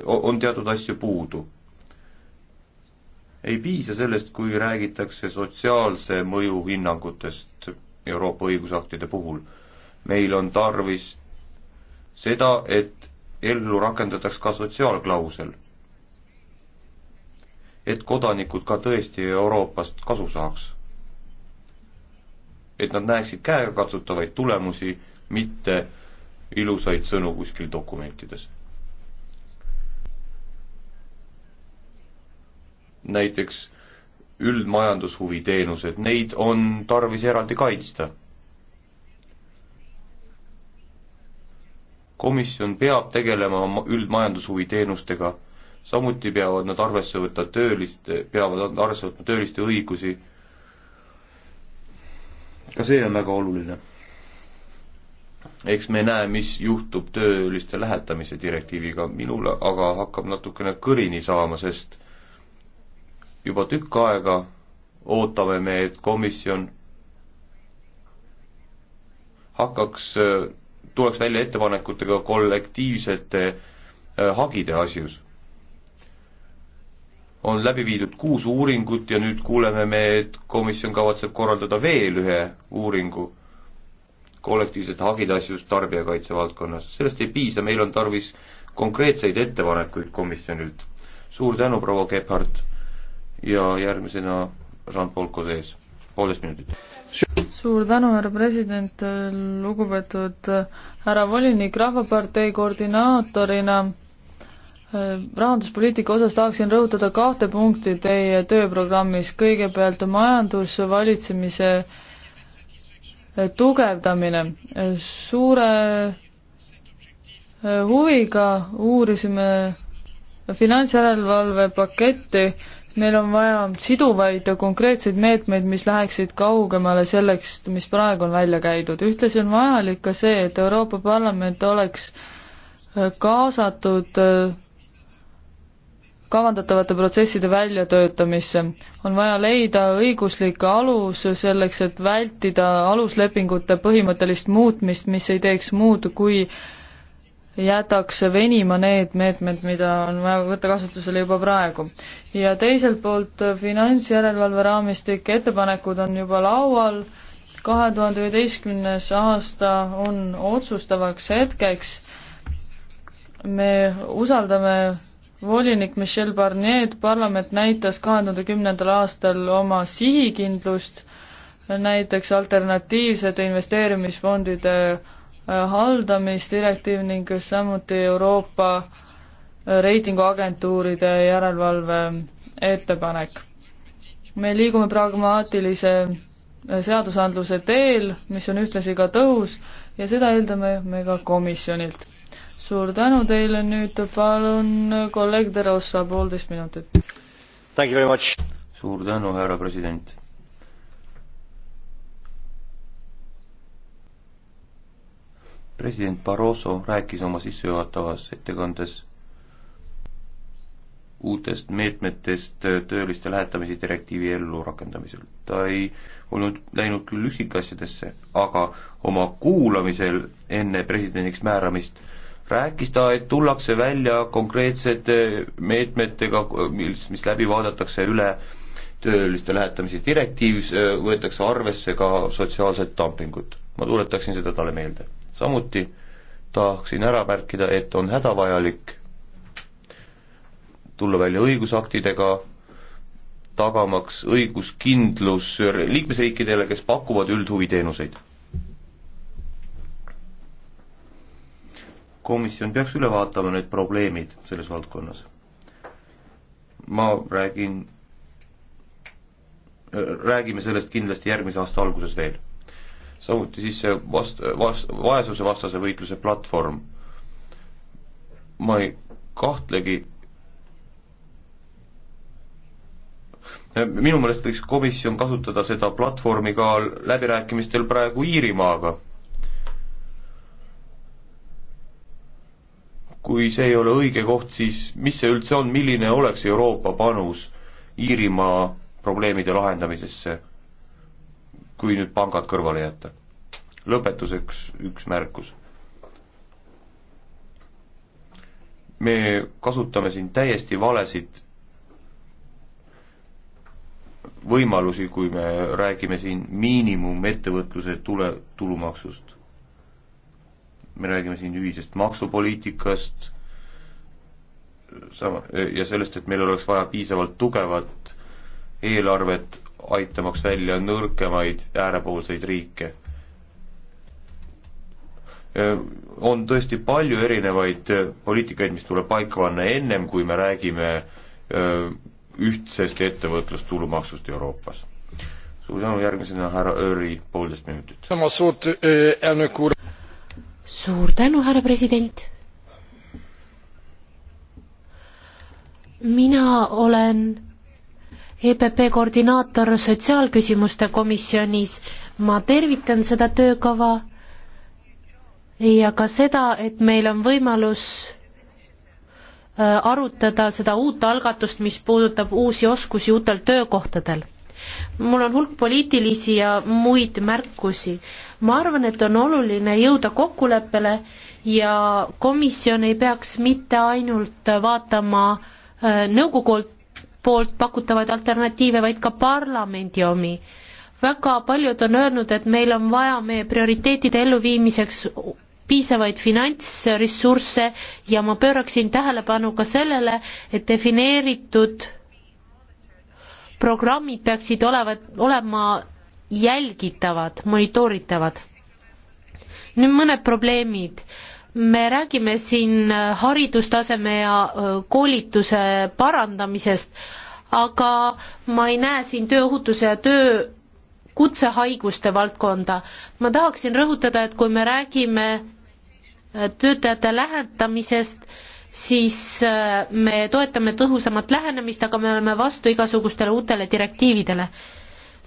on teatud asju puudu. ei piisa sellest, kui räägitakse sotsiaalse mõju hinnangutest Euroopa õigusaktide puhul. meil on tarvis seda, et ellu rakendataks ka sotsiaalklausel. et kodanikud ka tõesti Euroopast kasu saaks et nad näeksid käegakatsutavaid tulemusi, mitte ilusaid sõnu kuskil dokumentides. näiteks üldmajandushuvi teenused, neid on tarvis eraldi kaitsta. komisjon peab tegelema üldmajandushuvi teenustega, samuti peavad nad arvesse võtta tööliste, peavad arvesse võtma tööliste õigusi ka see on väga oluline. eks me näe, mis juhtub tööliste lähetamise direktiiviga, minul aga hakkab natukene kõrini saama, sest juba tükk aega ootame me, et komisjon hakkaks, äh, tuleks välja ettepanekutega kollektiivsete äh, hagide asjus on läbi viidud kuus uuringut ja nüüd kuuleme me, et komisjon kavatseb korraldada veel ühe uuringu kollektiivset hagilasjust tarbijakaitse valdkonnas. sellest ei piisa, meil on tarvis konkreetseid ettepanekuid komisjonilt. suur tänu, proua Gebhardt ja järgmisena Jean-Paul Causes, poolteist minutit. suur tänu, härra president, lugupeetud härra volinik, Rahvapartei koordinaatorina rahanduspoliitika osas tahaksin rõhutada kahte punkti teie tööprogrammis. kõigepealt majandusvalitsemise tugevdamine. suure huviga uurisime finantsjärelevalve paketti. meil on vaja siduvaid ja konkreetseid meetmeid, mis läheksid kaugemale sellest, mis praegu on välja käidud. ühtlasi on vajalik ka see, et Euroopa Parlament oleks kaasatud kavandatavate protsesside väljatöötamisse. on vaja leida õiguslik alus selleks, et vältida aluslepingute põhimõttelist muutmist, mis ei teeks muud, kui jätaks venima need meetmed, mida on vaja võtta kasutusele juba praegu. ja teiselt poolt finantsjärelevalve raamistik, ettepanekud on juba laual, kahe tuhande üheteistkümnes aasta on otsustavaks hetkeks, me usaldame volinik Michel Barnier, et parlament näitas kahe tuhande kümnendal aastal oma sihikindlust, näiteks alternatiivsete investeerimisfondide äh, haldamisdirektiiv ning samuti Euroopa äh, reitinguagentuuride järelevalve äh, ettepanek. me liigume pragmaatilise seadusandluse teel, mis on ühtlasi ka tõhus ja seda eeldame me ka komisjonilt suur tänu teile, nüüd palun kolleeg Derossa, poolteist minutit. suur tänu, härra president. president Barroso rääkis oma sissejuhatavas ettekandes uutest meetmetest tööliste lähetamise direktiivi ellurakendamisel. ta ei olnud läinud küll üksikasjadesse, aga oma kuulamisel enne presidendiks määramist rääkis ta, et tullakse välja konkreetsete meetmetega, mis, mis läbi vaadatakse üle tööliste lähetamise direktiivis, võetakse arvesse ka sotsiaalset dumpingut. ma tuletaksin seda talle meelde. samuti tahaksin ära märkida, et on hädavajalik tulla välja õigusaktidega, tagamaks õiguskindlus liikmesriikidele, kes pakuvad üldhuviteenuseid komisjon peaks üle vaatama need probleemid selles valdkonnas. ma räägin, äh, räägime sellest kindlasti järgmise aasta alguses veel. samuti siis see vast-, vas-, vaesusevastase võitluse platvorm. ma ei kahtlegi, minu meelest võiks komisjon kasutada seda platvormi ka läbirääkimistel praegu Iirimaaga kui see ei ole õige koht, siis mis see üldse on, milline oleks Euroopa panus Iirimaa probleemide lahendamisesse, kui nüüd pangad kõrvale jätta? lõpetuseks üks märkus. me kasutame siin täiesti valesid võimalusi, kui me räägime siin miinimumettevõtluse tule, tulumaksust me räägime siin ühisest maksupoliitikast, sama, ja sellest, et meil oleks vaja piisavalt tugevat eelarvet, aitamaks välja nõrgemaid äärepoolseid riike. on tõesti palju erinevaid poliitikaid, mis tuleb paika panna ennem, kui me räägime ühtsest ettevõtlustulumaksust Euroopas. suur tänu, järgmisena härra Öri, poolteist minutit suur tänu, härra president. mina olen EPP koordinaator Sotsiaalküsimuste komisjonis, ma tervitan seda töökava ja ka seda, et meil on võimalus äh, arutada seda uut algatust, mis puudutab uusi oskusi uutel töökohtadel. mul on hulk poliitilisi ja muid märkusi ma arvan, et on oluline jõuda kokkuleppele ja komisjon ei peaks mitte ainult vaatama äh, nõukogu poolt pakutavaid alternatiive, vaid ka parlamendi omi. väga paljud on öelnud, et meil on vaja meie prioriteetide elluviimiseks piisavaid finantsressursse ja ma pööraksin tähelepanu ka sellele, et defineeritud programmid peaksid olevat, olema jälgitavad, monitooritavad. nüüd mõned probleemid. me räägime siin haridustaseme ja koolituse parandamisest, aga ma ei näe siin tööohutuse ja töö kutsehaiguste valdkonda. ma tahaksin rõhutada, et kui me räägime töötajate lähetamisest, siis me toetame tõhusamat lähenemist, aga me oleme vastu igasugustele uutele direktiividele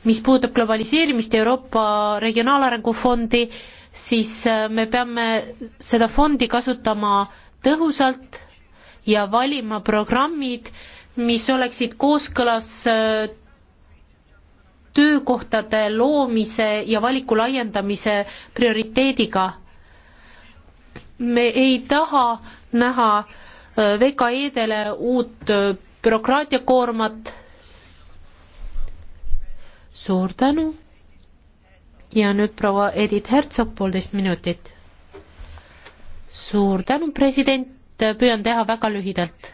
mis puudutab globaliseerimist ja Euroopa Regionaalarengu Fondi, siis äh, me peame seda fondi kasutama tõhusalt ja valima programmid, mis oleksid kooskõlas äh, töökohtade loomise ja valiku laiendamise prioriteediga. me ei taha näha äh, VKE-dele uut bürokraatiakoormat suur tänu ja nüüd proua Edith Herzog, poolteist minutit. suur tänu, president, püüan teha väga lühidalt.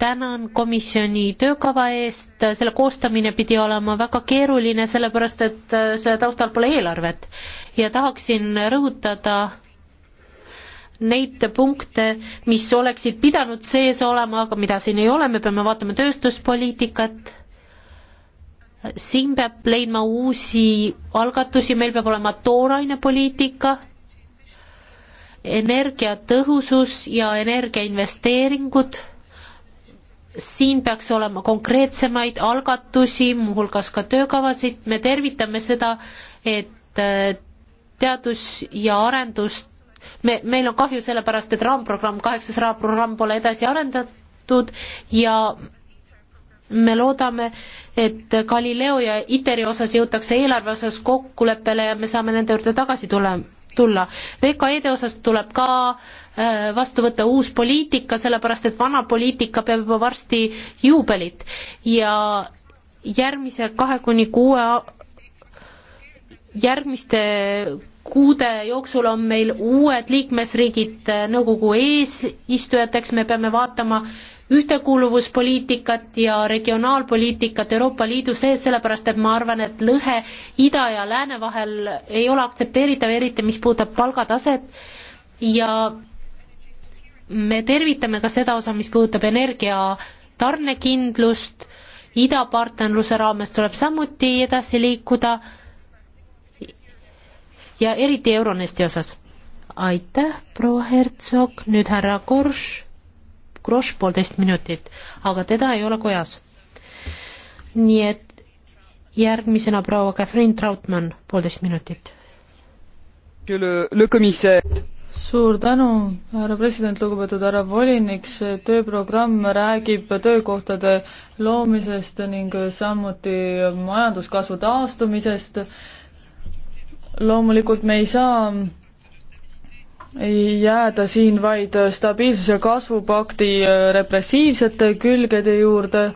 tänan komisjoni töökava eest, selle koostamine pidi olema väga keeruline, sellepärast et selle taustal pole eelarvet ja tahaksin rõhutada neid punkte, mis oleksid pidanud sees olema, aga mida siin ei ole, me peame vaatama tööstuspoliitikat siin peab leidma uusi algatusi, meil peab olema tooraine poliitika, energiatõhusus ja energiainvesteeringud, siin peaks olema konkreetsemaid algatusi, muuhulgas ka töökavasid, me tervitame seda, et äh, teadus ja arendust, me, meil on kahju sellepärast, et raamprogramm, kaheksas raamprogramm pole edasi arendatud ja me loodame, et Galileo ja ITER-i osas jõutakse eelarve osas kokkuleppele ja me saame nende juurde tagasi tule, tulla. VKE-de osas tuleb ka äh, vastu võtta uus poliitika, sellepärast et vana poliitika peab juba varsti juubelit ja järgmise kahe kuni kuue, järgmiste kuude jooksul on meil uued liikmesriigid äh, nõukogu eesistujateks, me peame vaatama, ühtekuuluvuspoliitikat ja regionaalpoliitikat Euroopa Liidu sees, sellepärast et ma arvan, et lõhe ida ja lääne vahel ei ole aktsepteeritav, eriti mis puudutab palgataset ja me tervitame ka seda osa, mis puudutab energia tarnekindlust, idapartnerluse raames tuleb samuti edasi liikuda ja eriti Euronesti osas. aitäh, proua Hertsog, nüüd härra Korš Grosch poolteist minutit, aga teda ei ole kojas. nii et järgmisena proua Catherine Trautmann, poolteist minutit. suur tänu, härra president, lugupeetud härra volinik, see tööprogramm räägib töökohtade loomisest ning samuti majanduskasvu taastumisest. loomulikult me ei saa jääda siin vaid stabiilsuse kasvupakti äh, repressiivsete külgede juurde.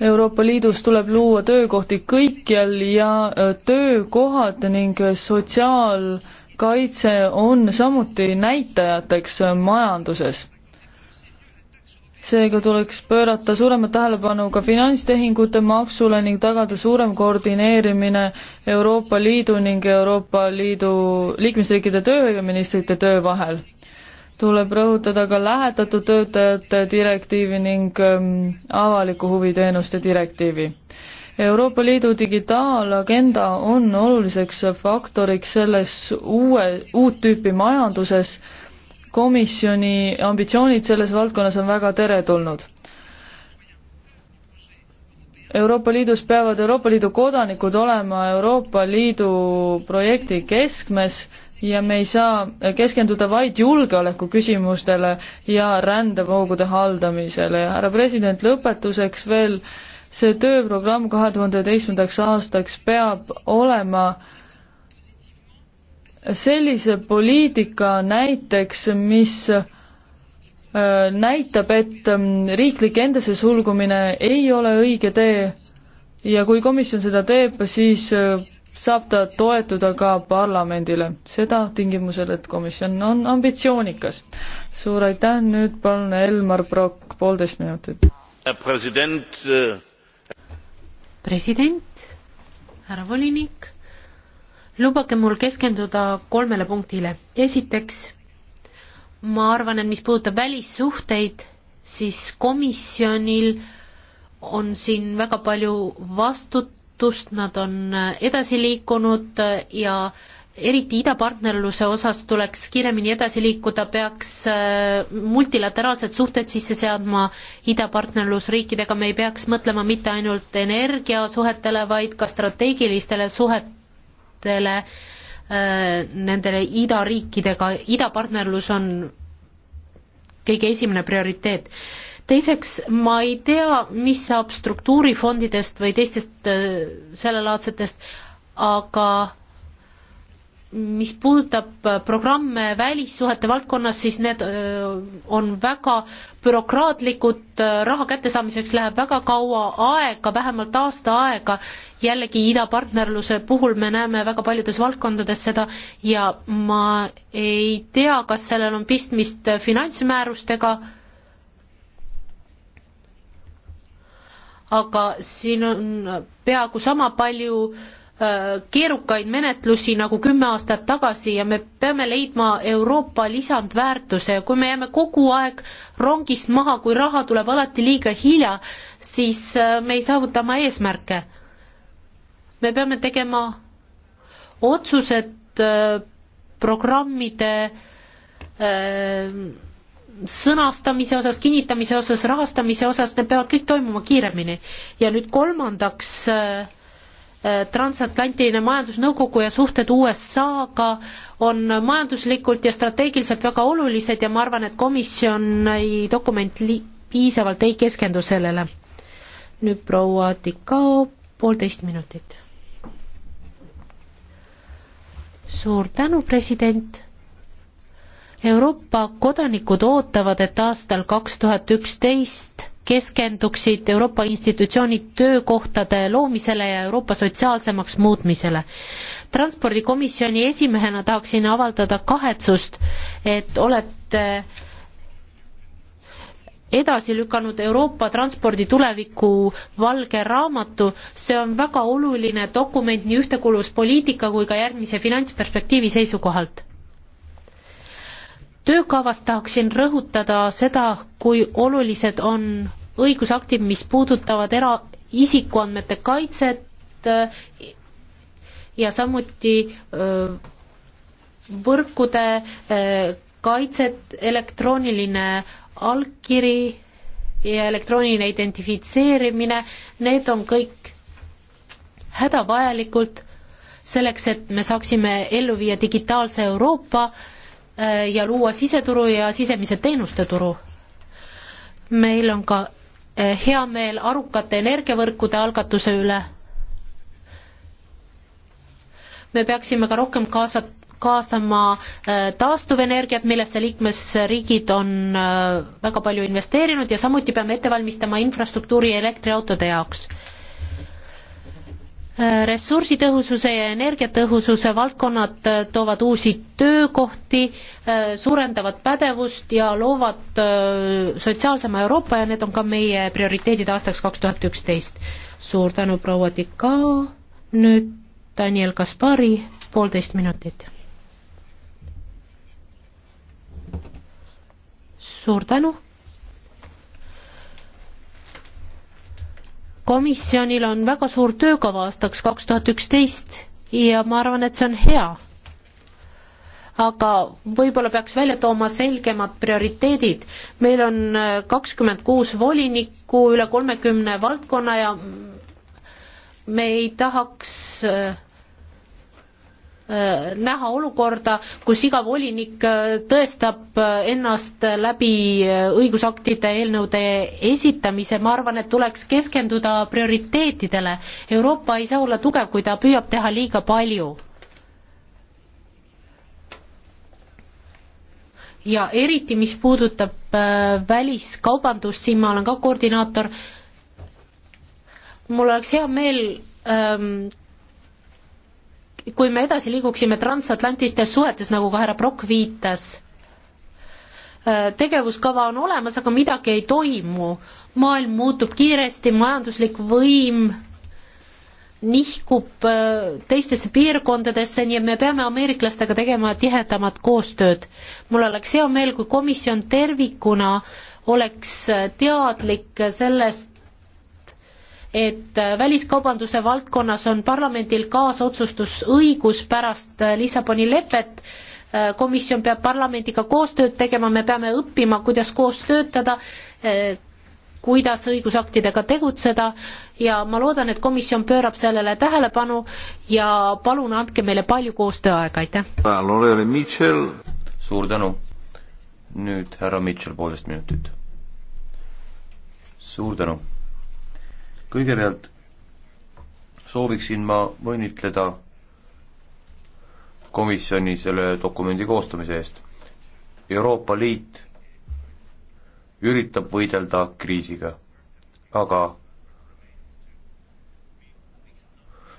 Euroopa Liidus tuleb luua töökohti kõikjal ja äh, töökohad ning sotsiaalkaitse on samuti näitajateks majanduses seega tuleks pöörata suuremat tähelepanu ka finantstehingute maksule ning tagada suurem koordineerimine Euroopa Liidu ning Euroopa Liidu liikmesriikide töö ja ministrite töö vahel. tuleb rõhutada ka lähetatud töötajate direktiivi ning ähm, avaliku huvi teenuste direktiivi. Euroopa Liidu digitaalagenda on oluliseks faktoriks selles uue, uut tüüpi majanduses komisjoni ambitsioonid selles valdkonnas on väga teretulnud. Euroopa Liidus peavad Euroopa Liidu kodanikud olema Euroopa Liidu projekti keskmes ja me ei saa keskenduda vaid julgeoleku küsimustele ja rändevoogude haldamisele ja härra president, lõpetuseks veel see tööprogramm kahe tuhande üheteistkümnendaks aastaks peab olema äh, sellise poliitika näiteks, mis äh, näitab, et ähm, riiklik endasse sulgumine ei ole õige tee ja kui komisjon seda teeb, siis äh, saab ta toetuda ka parlamendile, seda tingimusel, et komisjon on ambitsioonikas. suur aitäh, nüüd palun Elmar Brokk, poolteist minutit. president. Äh, president, härra volinik lubage mul keskenduda kolmele punktile. esiteks, ma arvan, et mis puudutab välissuhteid, siis komisjonil on siin väga palju vastutust, nad on edasi liikunud ja eriti idapartnerluse osas tuleks kiiremini edasi liikuda, peaks äh, multilateraalsed suhted sisse seadma idapartnerlusriikidega, me ei peaks mõtlema mitte ainult energiasuhetele, vaid ka strateegilistele suhet-, erinevatele äh, nendele idariikidega, idapartnerlus on kõige esimene prioriteet. teiseks, ma ei tea, mis saab struktuurifondidest või teistest äh, sellelaadsetest, aga mis puudutab äh, programme välissuhete valdkonnas, siis need äh, on väga bürokraatlikud, äh, raha kättesaamiseks läheb väga kaua aega, vähemalt aasta aega, jällegi idapartnerluse puhul me näeme väga paljudes valdkondades seda ja ma ei tea, kas sellel on pistmist finantsmäärustega, aga siin on peaaegu sama palju äh, Äh, keerukaid menetlusi nagu kümme aastat tagasi ja me peame leidma Euroopa lisandväärtuse ja kui me jääme kogu aeg rongist maha, kui raha tuleb alati liiga hilja, siis äh, me ei saavuta oma eesmärke. me peame tegema otsused äh, programmide sõnastamise osas, kinnitamise osas, rahastamise osas, need peavad kõik toimuma kiiremini. ja nüüd kolmandaks äh, Äh, transatlantiline majandusnõukogu ja suhted USA-ga on majanduslikult ja strateegiliselt väga olulised ja ma arvan, et komisjoni dokument li-, piisavalt ei keskendu sellele. nüüd proua Tikao, poolteist minutit. suur tänu, president. Euroopa kodanikud ootavad, et aastal kaks tuhat üksteist keskenduksid Euroopa institutsioonid töökohtade loomisele ja Euroopa sotsiaalsemaks muutmisele. transpordikomisjoni esimehena tahaksin avaldada kahetsust, et olete edasi lükanud Euroopa transpordi tuleviku valge raamatu, see on väga oluline dokument nii ühtekuuluvuspoliitika kui ka järgmise finantsperspektiivi seisukohalt. töökavas tahaksin rõhutada seda, kui olulised on õigusaktid, mis puudutavad era-, isikuandmete kaitset äh, ja samuti äh, võrkude äh, kaitset, elektrooniline allkiri ja elektrooniline identifitseerimine, need on kõik hädavajalikult selleks, et me saaksime ellu viia digitaalse Euroopa ja luua siseturu ja sisemise teenuste turu. meil on ka Eh, hea meel arukate energiavõrkude algatuse üle. me peaksime ka rohkem kaasa, kaasama eh, taastuvenergiat, millesse liikmesriigid on eh, väga palju investeerinud ja samuti peame ette valmistama infrastruktuuri elektriautode jaoks ressursitõhususe ja energiatõhususe valdkonnad äh, toovad uusi töökohti, äh, suurendavad pädevust ja loovad äh, sotsiaalsema Euroopa ja need on ka meie prioriteedid aastaks kaks tuhat üksteist. suur tänu, proua Tikao, nüüd Daniel Kaspari, poolteist minutit. suur tänu komisjonil on väga suur töökava aastaks kaks tuhat üksteist ja ma arvan, et see on hea. aga võib-olla peaks välja tooma selgemad prioriteedid. meil on äh, kakskümmend kuus volinikku üle kolmekümne valdkonna ja me ei tahaks äh, Äh, näha olukorda, kus iga volinik äh, tõestab äh, ennast läbi õigusaktide eelnõude esitamise, ma arvan, et tuleks keskenduda prioriteetidele. Euroopa ei saa olla tugev, kui ta püüab teha liiga palju. ja eriti, mis puudutab väliskaubandust, siin ma olen ka koordinaator, mul oleks hea meel ähm, kui me edasi liiguksime transatlantistes suhetes, nagu ka härra Brock viitas, äh, tegevuskava on olemas, aga midagi ei toimu. maailm muutub kiiresti, majanduslik võim nihkub äh, teistesse piirkondadesse, nii et me peame ameeriklastega tegema tihedamat koostööd. mul oleks hea meel, kui komisjon tervikuna oleks teadlik sellest, et äh, väliskaubanduse valdkonnas on parlamendil kaasotsustusõigus pärast äh, Lissaboni lepet, äh, komisjon peab parlamendiga koostööd tegema, me peame õppima, kuidas koos töötada, kuidas õigusaktidega tegutseda ja ma loodan, et komisjon pöörab sellele tähelepanu ja palun andke meile palju koostööaega, aitäh! suur tänu! nüüd härra Mitchell, poolteist minutit. suur tänu! kõigepealt sooviksin ma õnnitleda komisjoni selle dokumendi koostamise eest. Euroopa Liit üritab võidelda kriisiga, aga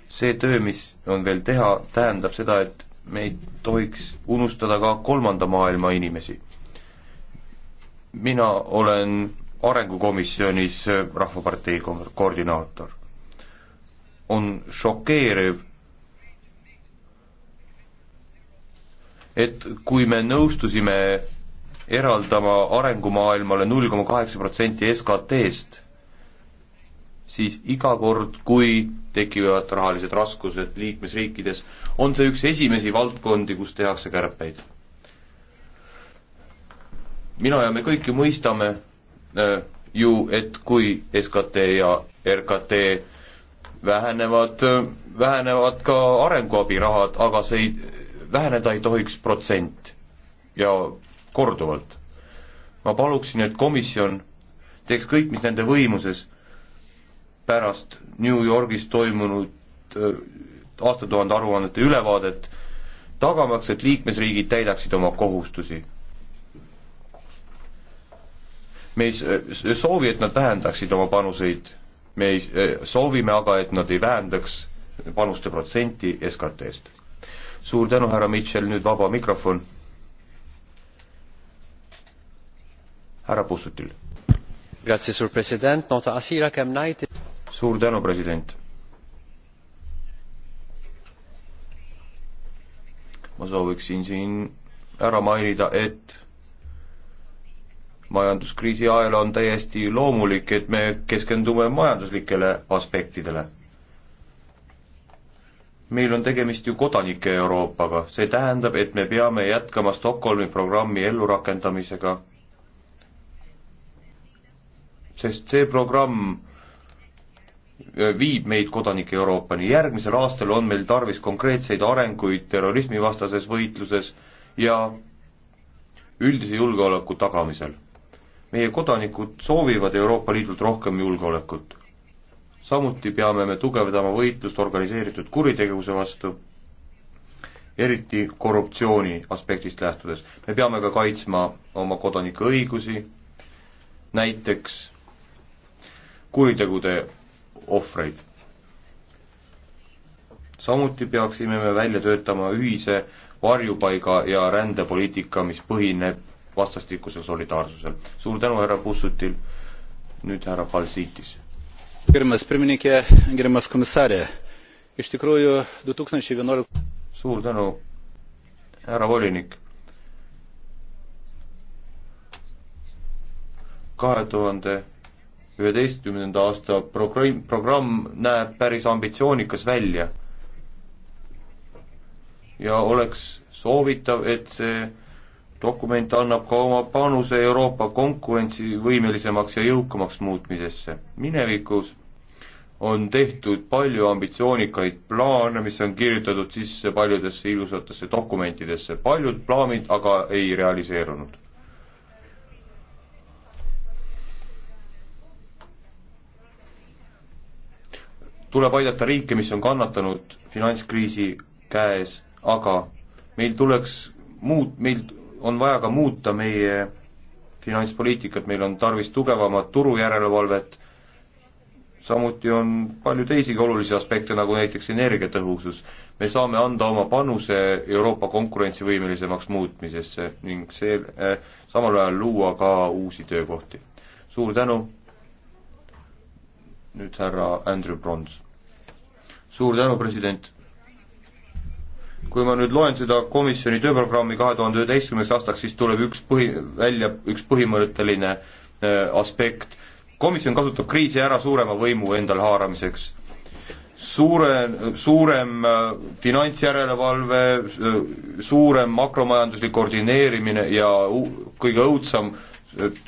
see töö, mis on veel teha, tähendab seda, et me ei tohiks unustada ka kolmanda maailma inimesi. mina olen arengukomisjonis eh, Rahvapartei ko-, koordinaator. on šokeeriv, et kui me nõustusime eraldama arengumaailmale null koma kaheksa protsenti SKT-st, siis iga kord, kui tekivad rahalised raskused liikmesriikides, on see üks esimesi valdkondi, kus tehakse kärpeid. mina ja me kõik ju mõistame, Äh, ju, et kui SKT ja RKT vähenevad, äh, vähenevad ka arenguabirahad, aga see ei, väheneda ei tohiks protsent ja korduvalt. ma paluksin, et komisjon teeks kõik, mis nende võimuses pärast New Yorgis toimunud äh, aastatuhande aruannete ülevaadet, tagamaks, et liikmesriigid täidaksid oma kohustusi me ei soovi, et nad vähendaksid oma panuseid, me ei, e, soovime aga, et nad ei vähendaks panuste protsenti SKT-st. suur tänu, härra Mitchell, nüüd vaba mikrofon. härra Pussutil. suur tänu, president. ma sooviksin siin ära mainida, et majanduskriisi ajal on täiesti loomulik, et me keskendume majanduslikele aspektidele. meil on tegemist ju kodanike Euroopaga, see tähendab, et me peame jätkama Stockholmi programmi ellurakendamisega, sest see programm äh, viib meid kodanike Euroopani, järgmisel aastal on meil tarvis konkreetseid arenguid terrorismivastases võitluses ja üldise julgeoleku tagamisel meie kodanikud soovivad Euroopa Liidult rohkem julgeolekut. samuti peame me tugevdama võitlust organiseeritud kuritegevuse vastu, eriti korruptsiooni aspektist lähtudes. me peame ka kaitsma oma kodanike õigusi, näiteks kuritegude ohvreid. samuti peaksime me välja töötama ühise varjupaiga ja rändepoliitika, mis põhineb vastastikusel solidaarsusel. suur tänu, härra Pussutil, nüüd härra Balsiitis. suur tänu, härra volinik. kahe tuhande üheteistkümnenda aasta programm, programm näeb päris ambitsioonikas välja. ja oleks soovitav, et see dokument annab ka oma panuse Euroopa konkurentsivõimelisemaks ja jõukamaks muutmisesse. minevikus on tehtud palju ambitsioonikaid plaane, mis on kirjutatud sisse paljudesse ilusatesse dokumentidesse, paljud plaanid aga ei realiseerunud. tuleb aidata riike, mis on kannatanud finantskriisi käes, aga meil tuleks muud, meil on vaja ka muuta meie finantspoliitikat, meil on tarvis tugevamat turujärelevalvet, samuti on palju teisigi olulisi aspekte, nagu näiteks energiatõhusus. me saame anda oma panuse Euroopa konkurentsivõimelisemaks muutmisesse ning see äh,, samal ajal luua ka uusi töökohti. suur tänu, nüüd härra Andrew Brons. suur tänu, president kui ma nüüd loen seda komisjoni tööprogrammi kahe tuhande üheteistkümneks aastaks, siis tuleb üks põhi, välja üks põhimõtteline äh, aspekt. komisjon kasutab kriisi ära suurema võimu endale haaramiseks. suure, suurem äh, finantsjärelevalve, suurem makromajanduslik koordineerimine ja kõige õudsam,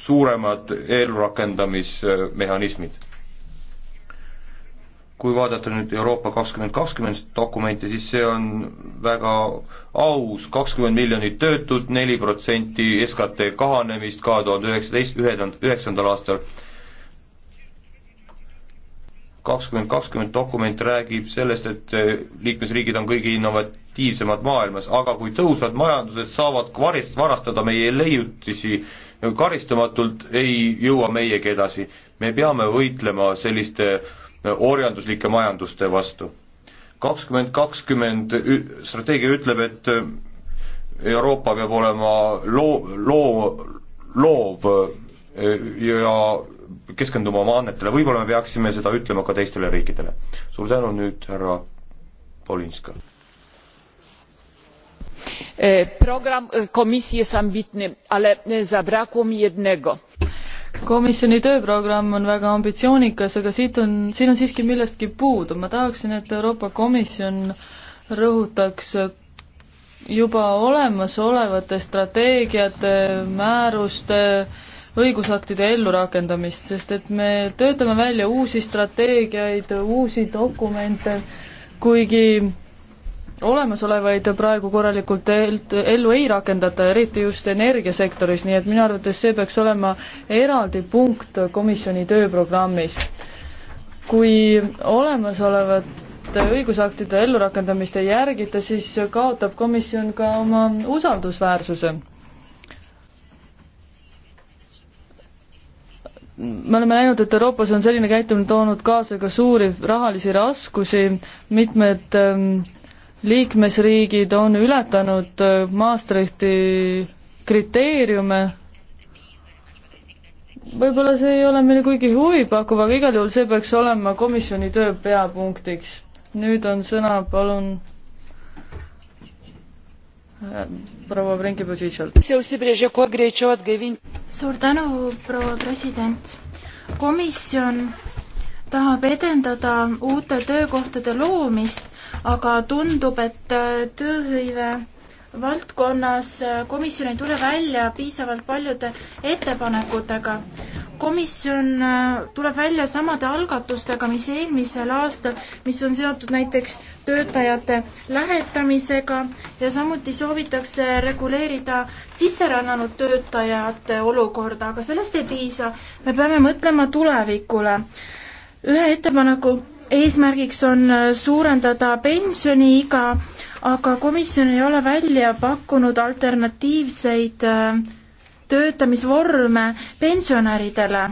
suuremad eelrakendamismehhanismid kui vaadata nüüd Euroopa kakskümmend kakskümmend dokumenti, siis see on väga aus, kakskümmend miljonit töötut, neli protsenti SKT kahanemist kahe tuhande üheksateist, üheksandal aastal. kakskümmend kakskümmend dokument räägib sellest, et liikmesriigid on kõige innovatiivsemad maailmas, aga kui tõusvad majandused saavad varist-, varastada meie leiutisi karistamatult, ei jõua meiegi edasi. me peame võitlema selliste äh, orjanduslike majanduste vastu. kakskümmend kakskümmend strateegia ütleb, et äh, Euroopa peab olema loo, loo, loov äh, ja keskenduma oma annetele, võib-olla me peaksime seda ütlema ka teistele riikidele. suur tänu nüüd, härra Polinska. Äh, program komisji jest ambitny, ale e, zabrakło mi jednego komisjoni tööprogramm on väga ambitsioonikas, aga siit on, siin on siiski millestki puudu, ma tahaksin, et Euroopa Komisjon rõhutaks juba olemasolevate strateegiate, määruste, õigusaktide ellurakendamist, sest et me töötame välja uusi strateegiaid, uusi dokumente, kuigi olemasolevaid praegu korralikult ellu ei rakendata, eriti just energiasektoris, nii et minu arvates see peaks olema eraldi punkt komisjoni tööprogrammis. kui olemasolevate õigusaktide ellurakendamist ei järgita, siis kaotab komisjon ka oma usaldusväärsuse. me oleme näinud, et Euroopas on selline käitumine toonud kaasa ka suuri rahalisi raskusi, mitmed ähm, liikmesriigid on ületanud äh, Maastrichti kriteeriume, võib-olla see ei ole meile kuigi huvipakkuv, aga igal juhul see peaks olema komisjoni töö peapunktiks. nüüd on sõna, palun äh, proua Brinkipusiitšalt. suur tänu, proua president. komisjon tahab edendada uute töökohtade loomist, aga tundub, et äh, tööhõive valdkonnas äh, komisjon ei tule välja piisavalt paljude ettepanekutega. komisjon äh, tuleb välja samade algatustega, mis eelmisel aastal, mis on seotud näiteks töötajate lähetamisega ja samuti soovitakse reguleerida sisserännanud töötajate olukorda, aga sellest ei piisa. me peame mõtlema tulevikule ühe ettepaneku eesmärgiks on äh, suurendada pensioniiga, aga komisjon ei ole välja pakkunud alternatiivseid äh, töötamisvorme pensionäridele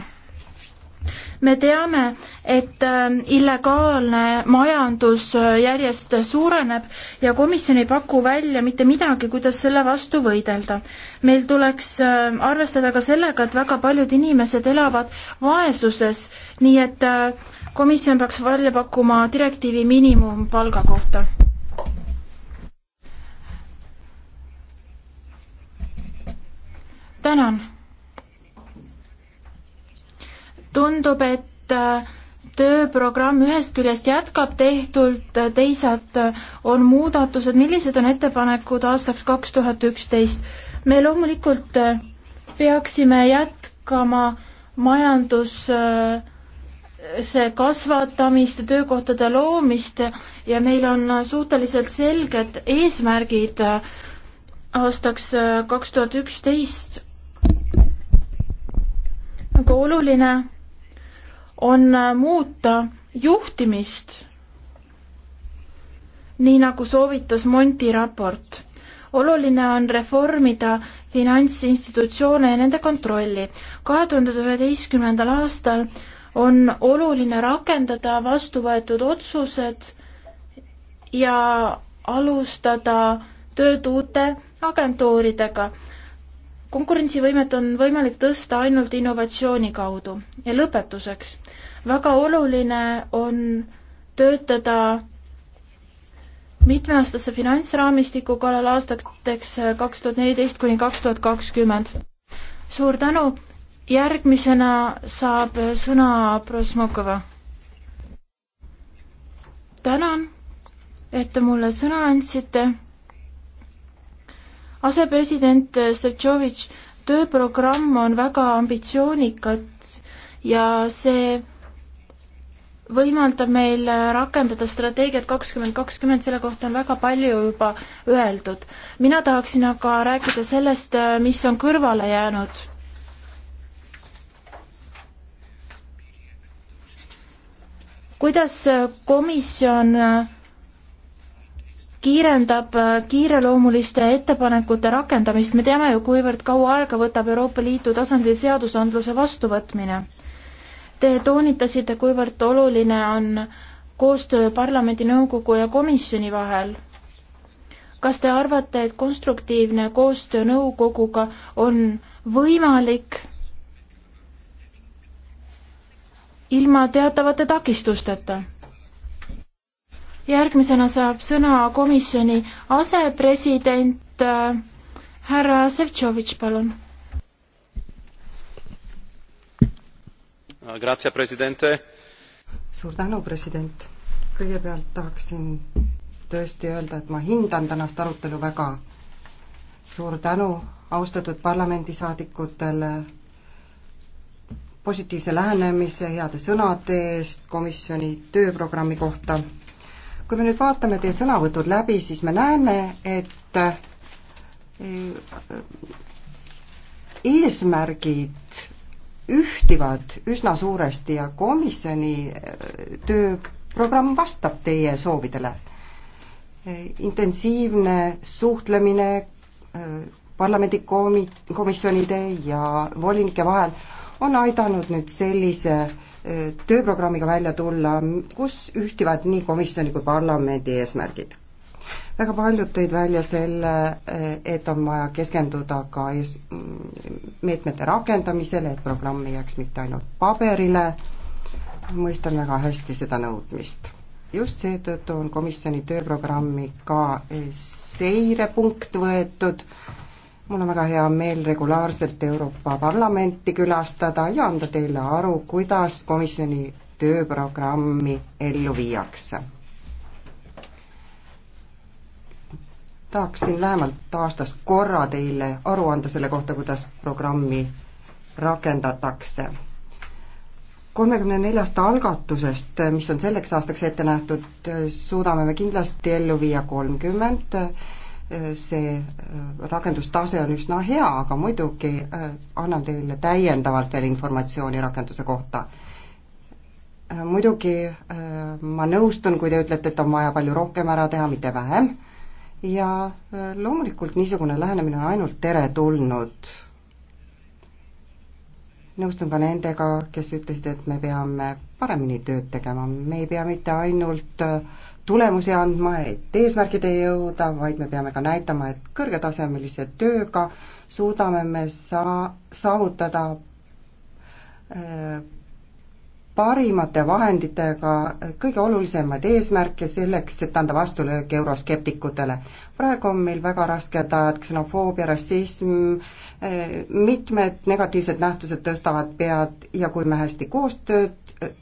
me teame, et ähm, illegaalne majandus äh, järjest suureneb ja komisjon ei paku välja mitte midagi, kuidas selle vastu võidelda. meil tuleks ähm, arvestada ka sellega, et väga paljud inimesed elavad vaesuses, nii et äh, komisjon peaks välja pakkuma direktiivi miinimumpalga kohta. tänan tundub, et äh, tööprogramm ühest küljest jätkab tehtult, äh, teisalt äh, on muudatused, millised on ettepanekud aastaks kaks tuhat üksteist? me loomulikult peaksime jätkama majandus see kasvatamist ja töökohtade loomist ja meil on suhteliselt selged eesmärgid aastaks kaks tuhat üksteist. aga nagu oluline on äh, muuta juhtimist, nii nagu soovitas Monti raport. oluline on reformida finantsinstitutsioone ja nende kontrolli. kahe tuhande üheteistkümnendal aastal on oluline rakendada vastu võetud otsused ja alustada tööd uute agentuuridega konkurentsivõimet on võimalik tõsta ainult innovatsiooni kaudu. ja lõpetuseks, väga oluline on töötada mitmeaastase finantsraamistiku kallal aastateks äh, kaks tuhat neliteist kuni kaks tuhat kakskümmend. suur tänu, järgmisena saab sõna Prosmokova. tänan, et te mulle sõna andsite. asepresident Šefčovitš, tööprogramm on väga ambitsioonikas ja see võimaldab meil rakendada strateegiat kakskümmend kakskümmend, selle kohta on väga palju juba öeldud. mina tahaksin aga rääkida sellest, mis on kõrvale jäänud. kuidas komisjon kiirendab kiireloomuliste ettepanekute rakendamist, me teame ju, kuivõrd kaua aega võtab Euroopa Liidu tasandil seadusandluse vastuvõtmine Te toonitasite, kuivõrd oluline on koostöö parlamendi, nõukogu ja komisjoni vahel. kas te arvate, et konstruktiivne koostöö nõukoguga on võimalik ilma teatavate takistusteta? järgmisena saab sõna komisjoni asepresident äh, härra Sevtšovitš, palun Ah, suur tänu, president. kõigepealt tahaksin tõesti öelda, et ma hindan tänast arutelu väga. suur tänu austatud parlamendisaadikutele positiivse lähenemise, heade sõnade eest komisjoni tööprogrammi kohta. kui me nüüd vaatame teie sõnavõtud läbi, siis me näeme, et eh, eesmärgid ühtivad üsna suuresti ja komisjoni äh, tööprogramm vastab teie soovidele. intensiivne suhtlemine äh, parlamendi komi-, komisjonide ja volinike vahel on aidanud nüüd sellise äh, tööprogrammiga välja tulla, kus ühtivad nii komisjoni kui parlamendi eesmärgid väga paljud tõid välja selle, et on vaja keskenduda ka ees, meetmete rakendamisele, et programm ei jääks mitte ainult paberile, mõistan väga hästi seda nõudmist. just seetõttu on komisjoni tööprogrammi ka seirepunkt võetud, mul on väga hea meel regulaarselt Euroopa Parlamenti külastada ja anda teile aru, kuidas komisjoni tööprogrammi ellu viiakse tahaksin vähemalt aastas korra teile aru anda selle kohta, kuidas programmi rakendatakse. kolmekümne neljast algatusest, mis on selleks aastaks ette nähtud, suudame me kindlasti ellu viia kolmkümmend, see äh, rakendustase on üsna hea, aga muidugi äh, annan teile täiendavalt veel informatsiooni rakenduse kohta äh, muidugi ma nõustun, kui te ütlete, et on vaja palju rohkem ära teha, mitte vähem ja äh, loomulikult niisugune lähenemine on ainult teretulnud. nõustun ka nendega, kes ütlesid, et me peame paremini tööd tegema, me ei pea mitte ainult äh, tulemusi andma, et eesmärgideni jõuda, vaid me peame ka näitama, et kõrgetasemelise tööga suudame me saa-, saavutada äh, parimate vahenditega kõige olulisemaid eesmärke selleks, et anda vastulöök euroskeptikutele. praegu on meil väga rasked ajad, ksenofoobia, rassism, eh, mitmed negatiivsed nähtused tõstavad pead ja kui me hästi koostööd eh,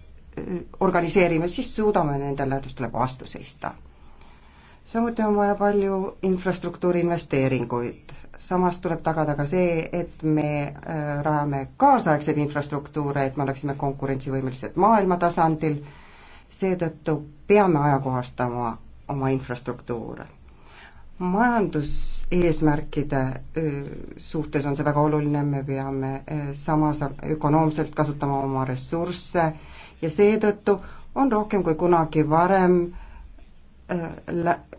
organiseerime, siis suudame nendele nähtustele vastu seista. samuti on vaja palju infrastruktuuri investeeringuid samas tuleb tagada ka see, et me äh, rajame kaasaegseid infrastruktuure, et me oleksime konkurentsivõimelised maailma tasandil, seetõttu peame ajakohastama oma infrastruktuure. majanduseesmärkide suhtes on see väga oluline, me peame samas ökonoomselt kasutama oma ressursse ja seetõttu on rohkem kui kunagi varem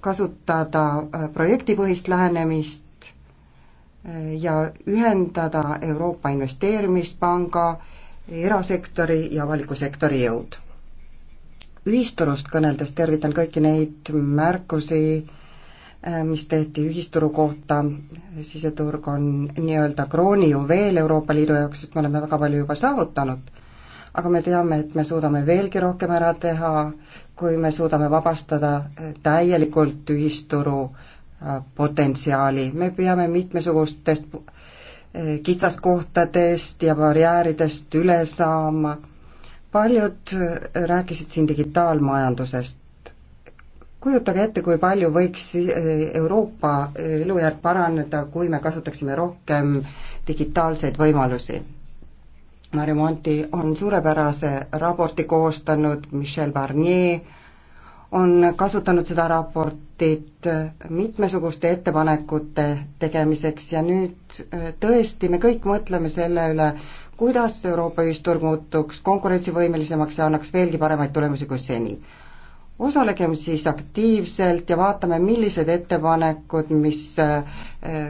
kasutada projektipõhist lähenemist ja ühendada Euroopa Investeerimispanga, erasektori ja avaliku sektori jõud. ühisturust kõneldes tervitan kõiki neid märkusi, äh, mis tehti ühisturu kohta, siseturg on nii-öelda kroonijuveel Euroopa Liidu jaoks, sest me oleme väga palju juba saavutanud, aga me teame, et me suudame veelgi rohkem ära teha, kui me suudame vabastada äh, täielikult ühisturu äh, Äh, potentsiaali, me peame mitmesugustest äh, kitsaskohtadest ja barjääridest üle saama, paljud äh, rääkisid siin digitaalmajandusest. kujutage ette, kui palju võiks Euroopa elujärg paraneda, kui me kasutaksime rohkem digitaalseid võimalusi. Mario Monti on suurepärase raporti koostanud, Michel Barnier on kasutanud seda raportit mitmesuguste ettepanekute tegemiseks ja nüüd äh, tõesti me kõik mõtleme selle üle, kuidas Euroopa ühisturg muutuks konkurentsivõimelisemaks ja annaks veelgi paremaid tulemusi kui seni. osalegem siis aktiivselt ja vaatame, millised ettepanekud, mis äh,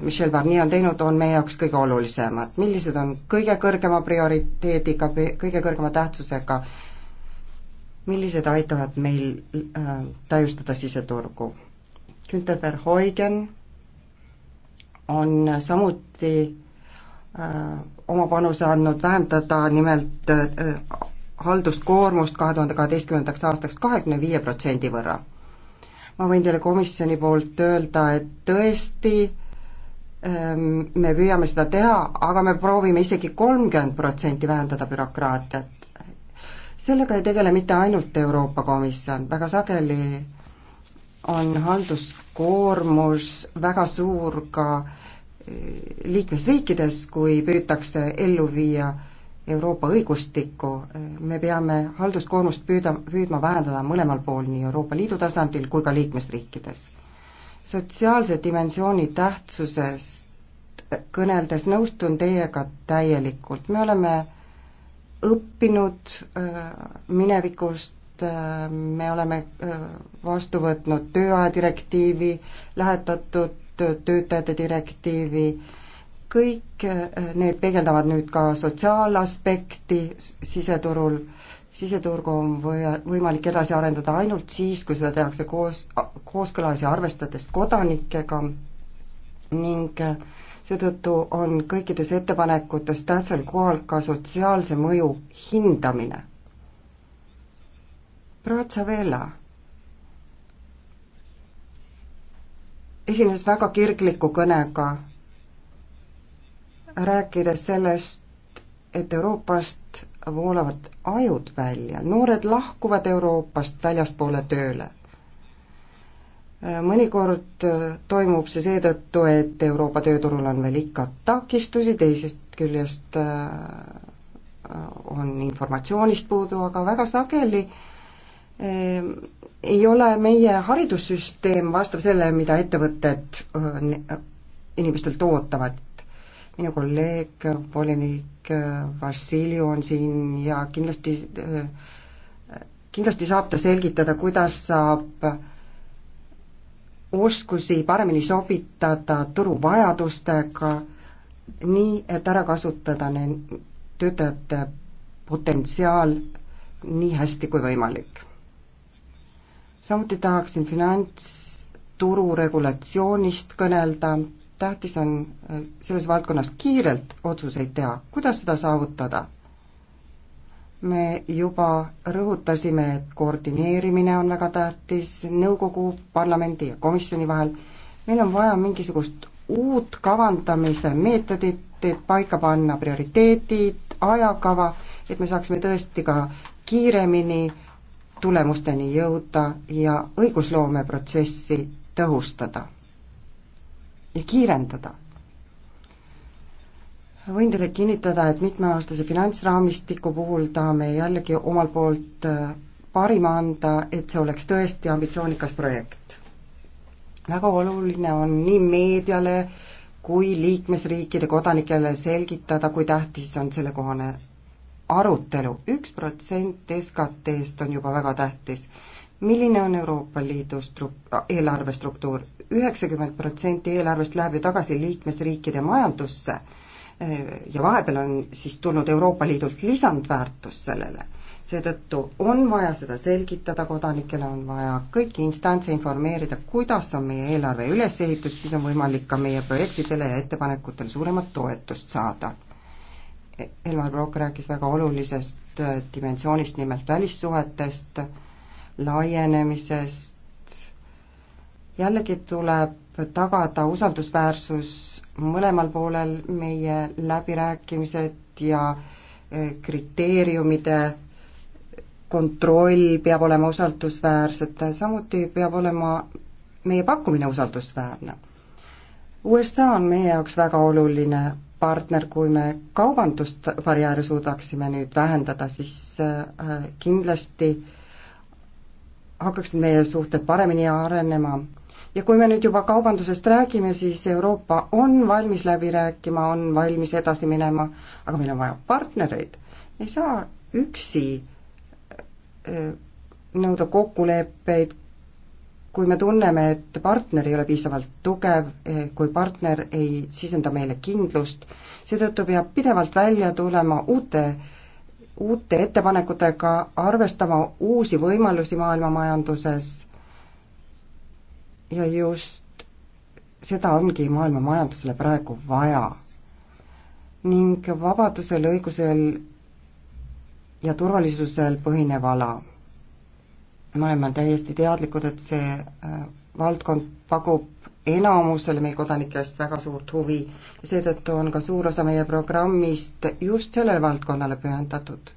Michel Barnier on teinud, on meie jaoks kõige olulisemad, millised on kõige kõrgema prioriteediga, kõige kõrgema tähtsusega millised aitavad meil äh, täiustada siseturgu. Günter Verhoigen on samuti äh, oma panuse andnud vähendada nimelt äh, halduskoormust kahe tuhande kaheteistkümnendaks aastaks kahekümne viie protsendi võrra. ma võin teile komisjoni poolt öelda, et tõesti ähm, me püüame seda teha, aga me proovime isegi kolmkümmend protsenti vähendada bürokraatiat sellega ei tegele mitte ainult Euroopa Komisjon, väga sageli on halduskoormus väga suur ka eh, liikmesriikides, kui püütakse ellu viia Euroopa õigustikku, eh, me peame halduskoormust püüda, püüdma vähendada mõlemal pool, nii Euroopa Liidu tasandil kui ka liikmesriikides. sotsiaalse dimensiooni tähtsusest kõneldes nõustun teiega täielikult, me oleme äh, õppinud äh, minevikust, äh, me oleme äh, vastu võtnud tööaja direktiivi, lähetatud töötajate direktiivi, kõik need peegeldavad nüüd ka sotsiaalaspekti siseturul, siseturgu on või-, võimalik edasi arendada ainult siis, kui seda tehakse koos, kooskõlas ja arvestades kodanikega ning äh, seetõttu on kõikides ettepanekutes tähtsal kohal ka sotsiaalse mõju hindamine. Pratsavela esines väga kirgliku kõnega, rääkides sellest, et Euroopast voolavad ajud välja, noored lahkuvad Euroopast väljaspoole tööle mõnikord äh, toimub see seetõttu, et Euroopa tööturul on veel ikka takistusi, teisest küljest äh, on informatsioonist puudu, aga väga sageli äh, ei ole meie haridussüsteem vastav sellele, mida ettevõtted inimestelt ootavad. minu kolleeg, volinik Vassiljev on siin ja kindlasti, kindlasti saab ta selgitada, kuidas saab äh, oskusi paremini sobitada turuvajadustega, nii et ära kasutada ne-, töötajate potentsiaal nii hästi kui võimalik. samuti tahaksin finantsturu regulatsioonist kõnelda, tähtis on äh, selles valdkonnas kiirelt otsuseid teha, kuidas seda saavutada me juba rõhutasime, et koordineerimine on väga tähtis nõukogu, parlamendi ja komisjoni vahel. meil on vaja mingisugust uut kavandamise meetodit, et paika panna prioriteedid, ajakava, et me saaksime tõesti ka kiiremini tulemusteni jõuda ja õigusloomeprotsessi tõhustada ja kiirendada võin teile kinnitada, et mitmeaastase finantsraamistiku puhul tahame jällegi omalt poolt äh, parima anda, et see oleks tõesti ambitsioonikas projekt. väga oluline on nii meediale kui liikmesriikide kodanikele selgitada, kui tähtis on sellekohane arutelu. üks protsent SKT-st on juba väga tähtis. milline on Euroopa Liidu stru-, eelarve struktuur? üheksakümmend protsenti eelarvest läheb ju tagasi liikmesriikide majandusse ja vahepeal on siis tulnud Euroopa Liidult lisandväärtus sellele. seetõttu on vaja seda selgitada kodanikele, on vaja kõiki instantse informeerida, kuidas on meie eelarve ülesehitus, siis on võimalik ka meie projektidele ja ettepanekutele suuremat toetust saada. Elmar Brok rääkis väga olulisest äh, dimensioonist, nimelt välissuhetest, laienemisest, jällegi tuleb tagada usaldusväärsus mõlemal poolel meie läbirääkimised ja eh, kriteeriumide kontroll peab olema usaldusväärsete, samuti peab olema meie pakkumine usaldusväärne. USA on meie jaoks väga oluline partner, kui me kaubandusbarjääre suudaksime nüüd vähendada, siis eh, kindlasti hakkaksid meie suhted paremini arenema, ja kui me nüüd juba kaubandusest räägime, siis Euroopa on valmis läbi rääkima, on valmis edasi minema, aga meil on vaja partnereid. ei saa üksi äh, nõuda kokkuleppeid, kui me tunneme, et partner ei ole piisavalt tugev, eh, kui partner ei sisenda meile kindlust, seetõttu peab pidevalt välja tulema uute, uute ettepanekutega, arvestama uusi võimalusi maailmamajanduses ja just seda ongi maailma majandusele praegu vaja. ning vabadusel, õigusel ja turvalisusel põhinev ala. me oleme täiesti teadlikud, et see äh, valdkond pakub enamusele meie kodanikest väga suurt huvi ja seetõttu on ka suur osa meie programmist just sellele valdkonnale pühendatud.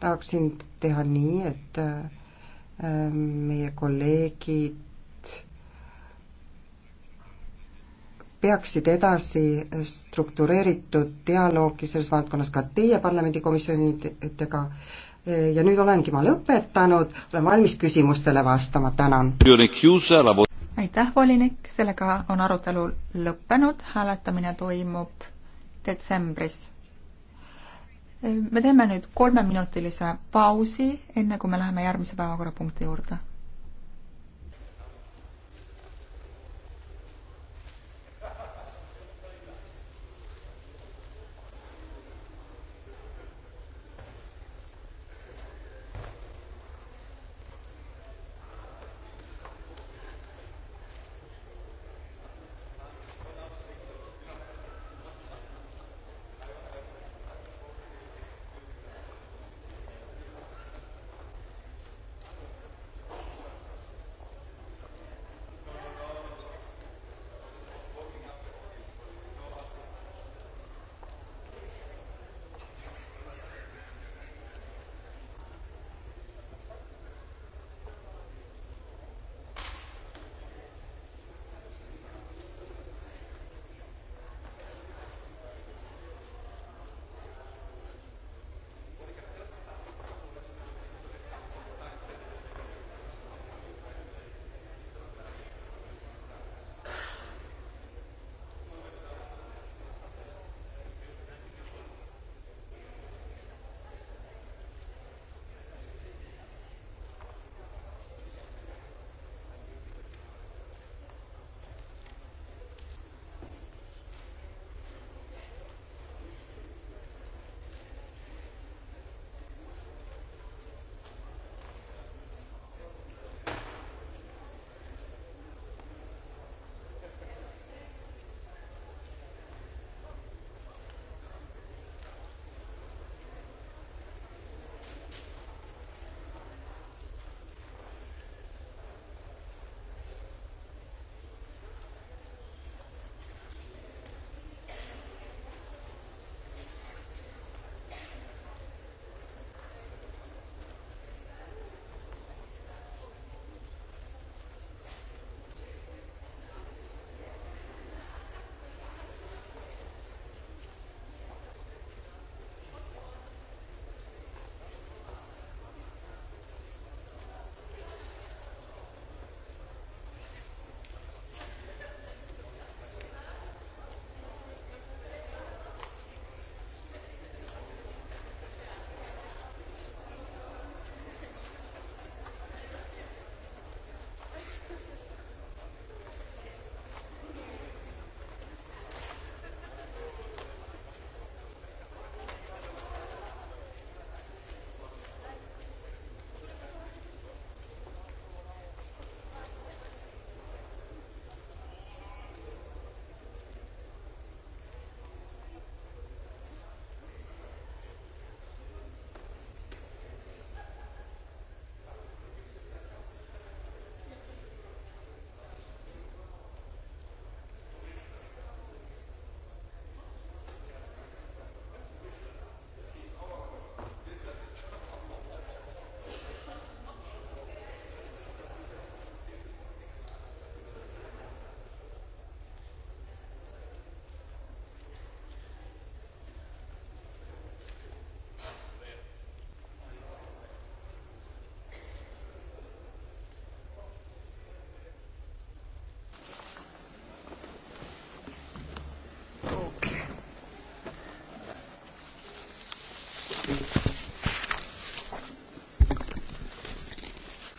tahaksin teha nii, et äh, meie kolleegid peaksid edasi struktureeritud dialoogi selles valdkonnas ka teie parlamendikomisjonidega ja nüüd olengi ma lõpetanud, olen valmis küsimustele vastama, tänan. aitäh, volinik, sellega on arutelu lõppenud, hääletamine toimub detsembris. me teeme nüüd kolmeminutilise pausi, enne kui me läheme järgmise päevakorrapunkti juurde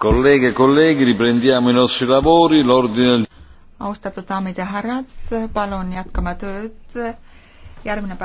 kolleege, kolleegi, e riprendiamo i nostri lavori, l'ordine austatud daamid ja härrad, palun jätkame tööd järgmine päev.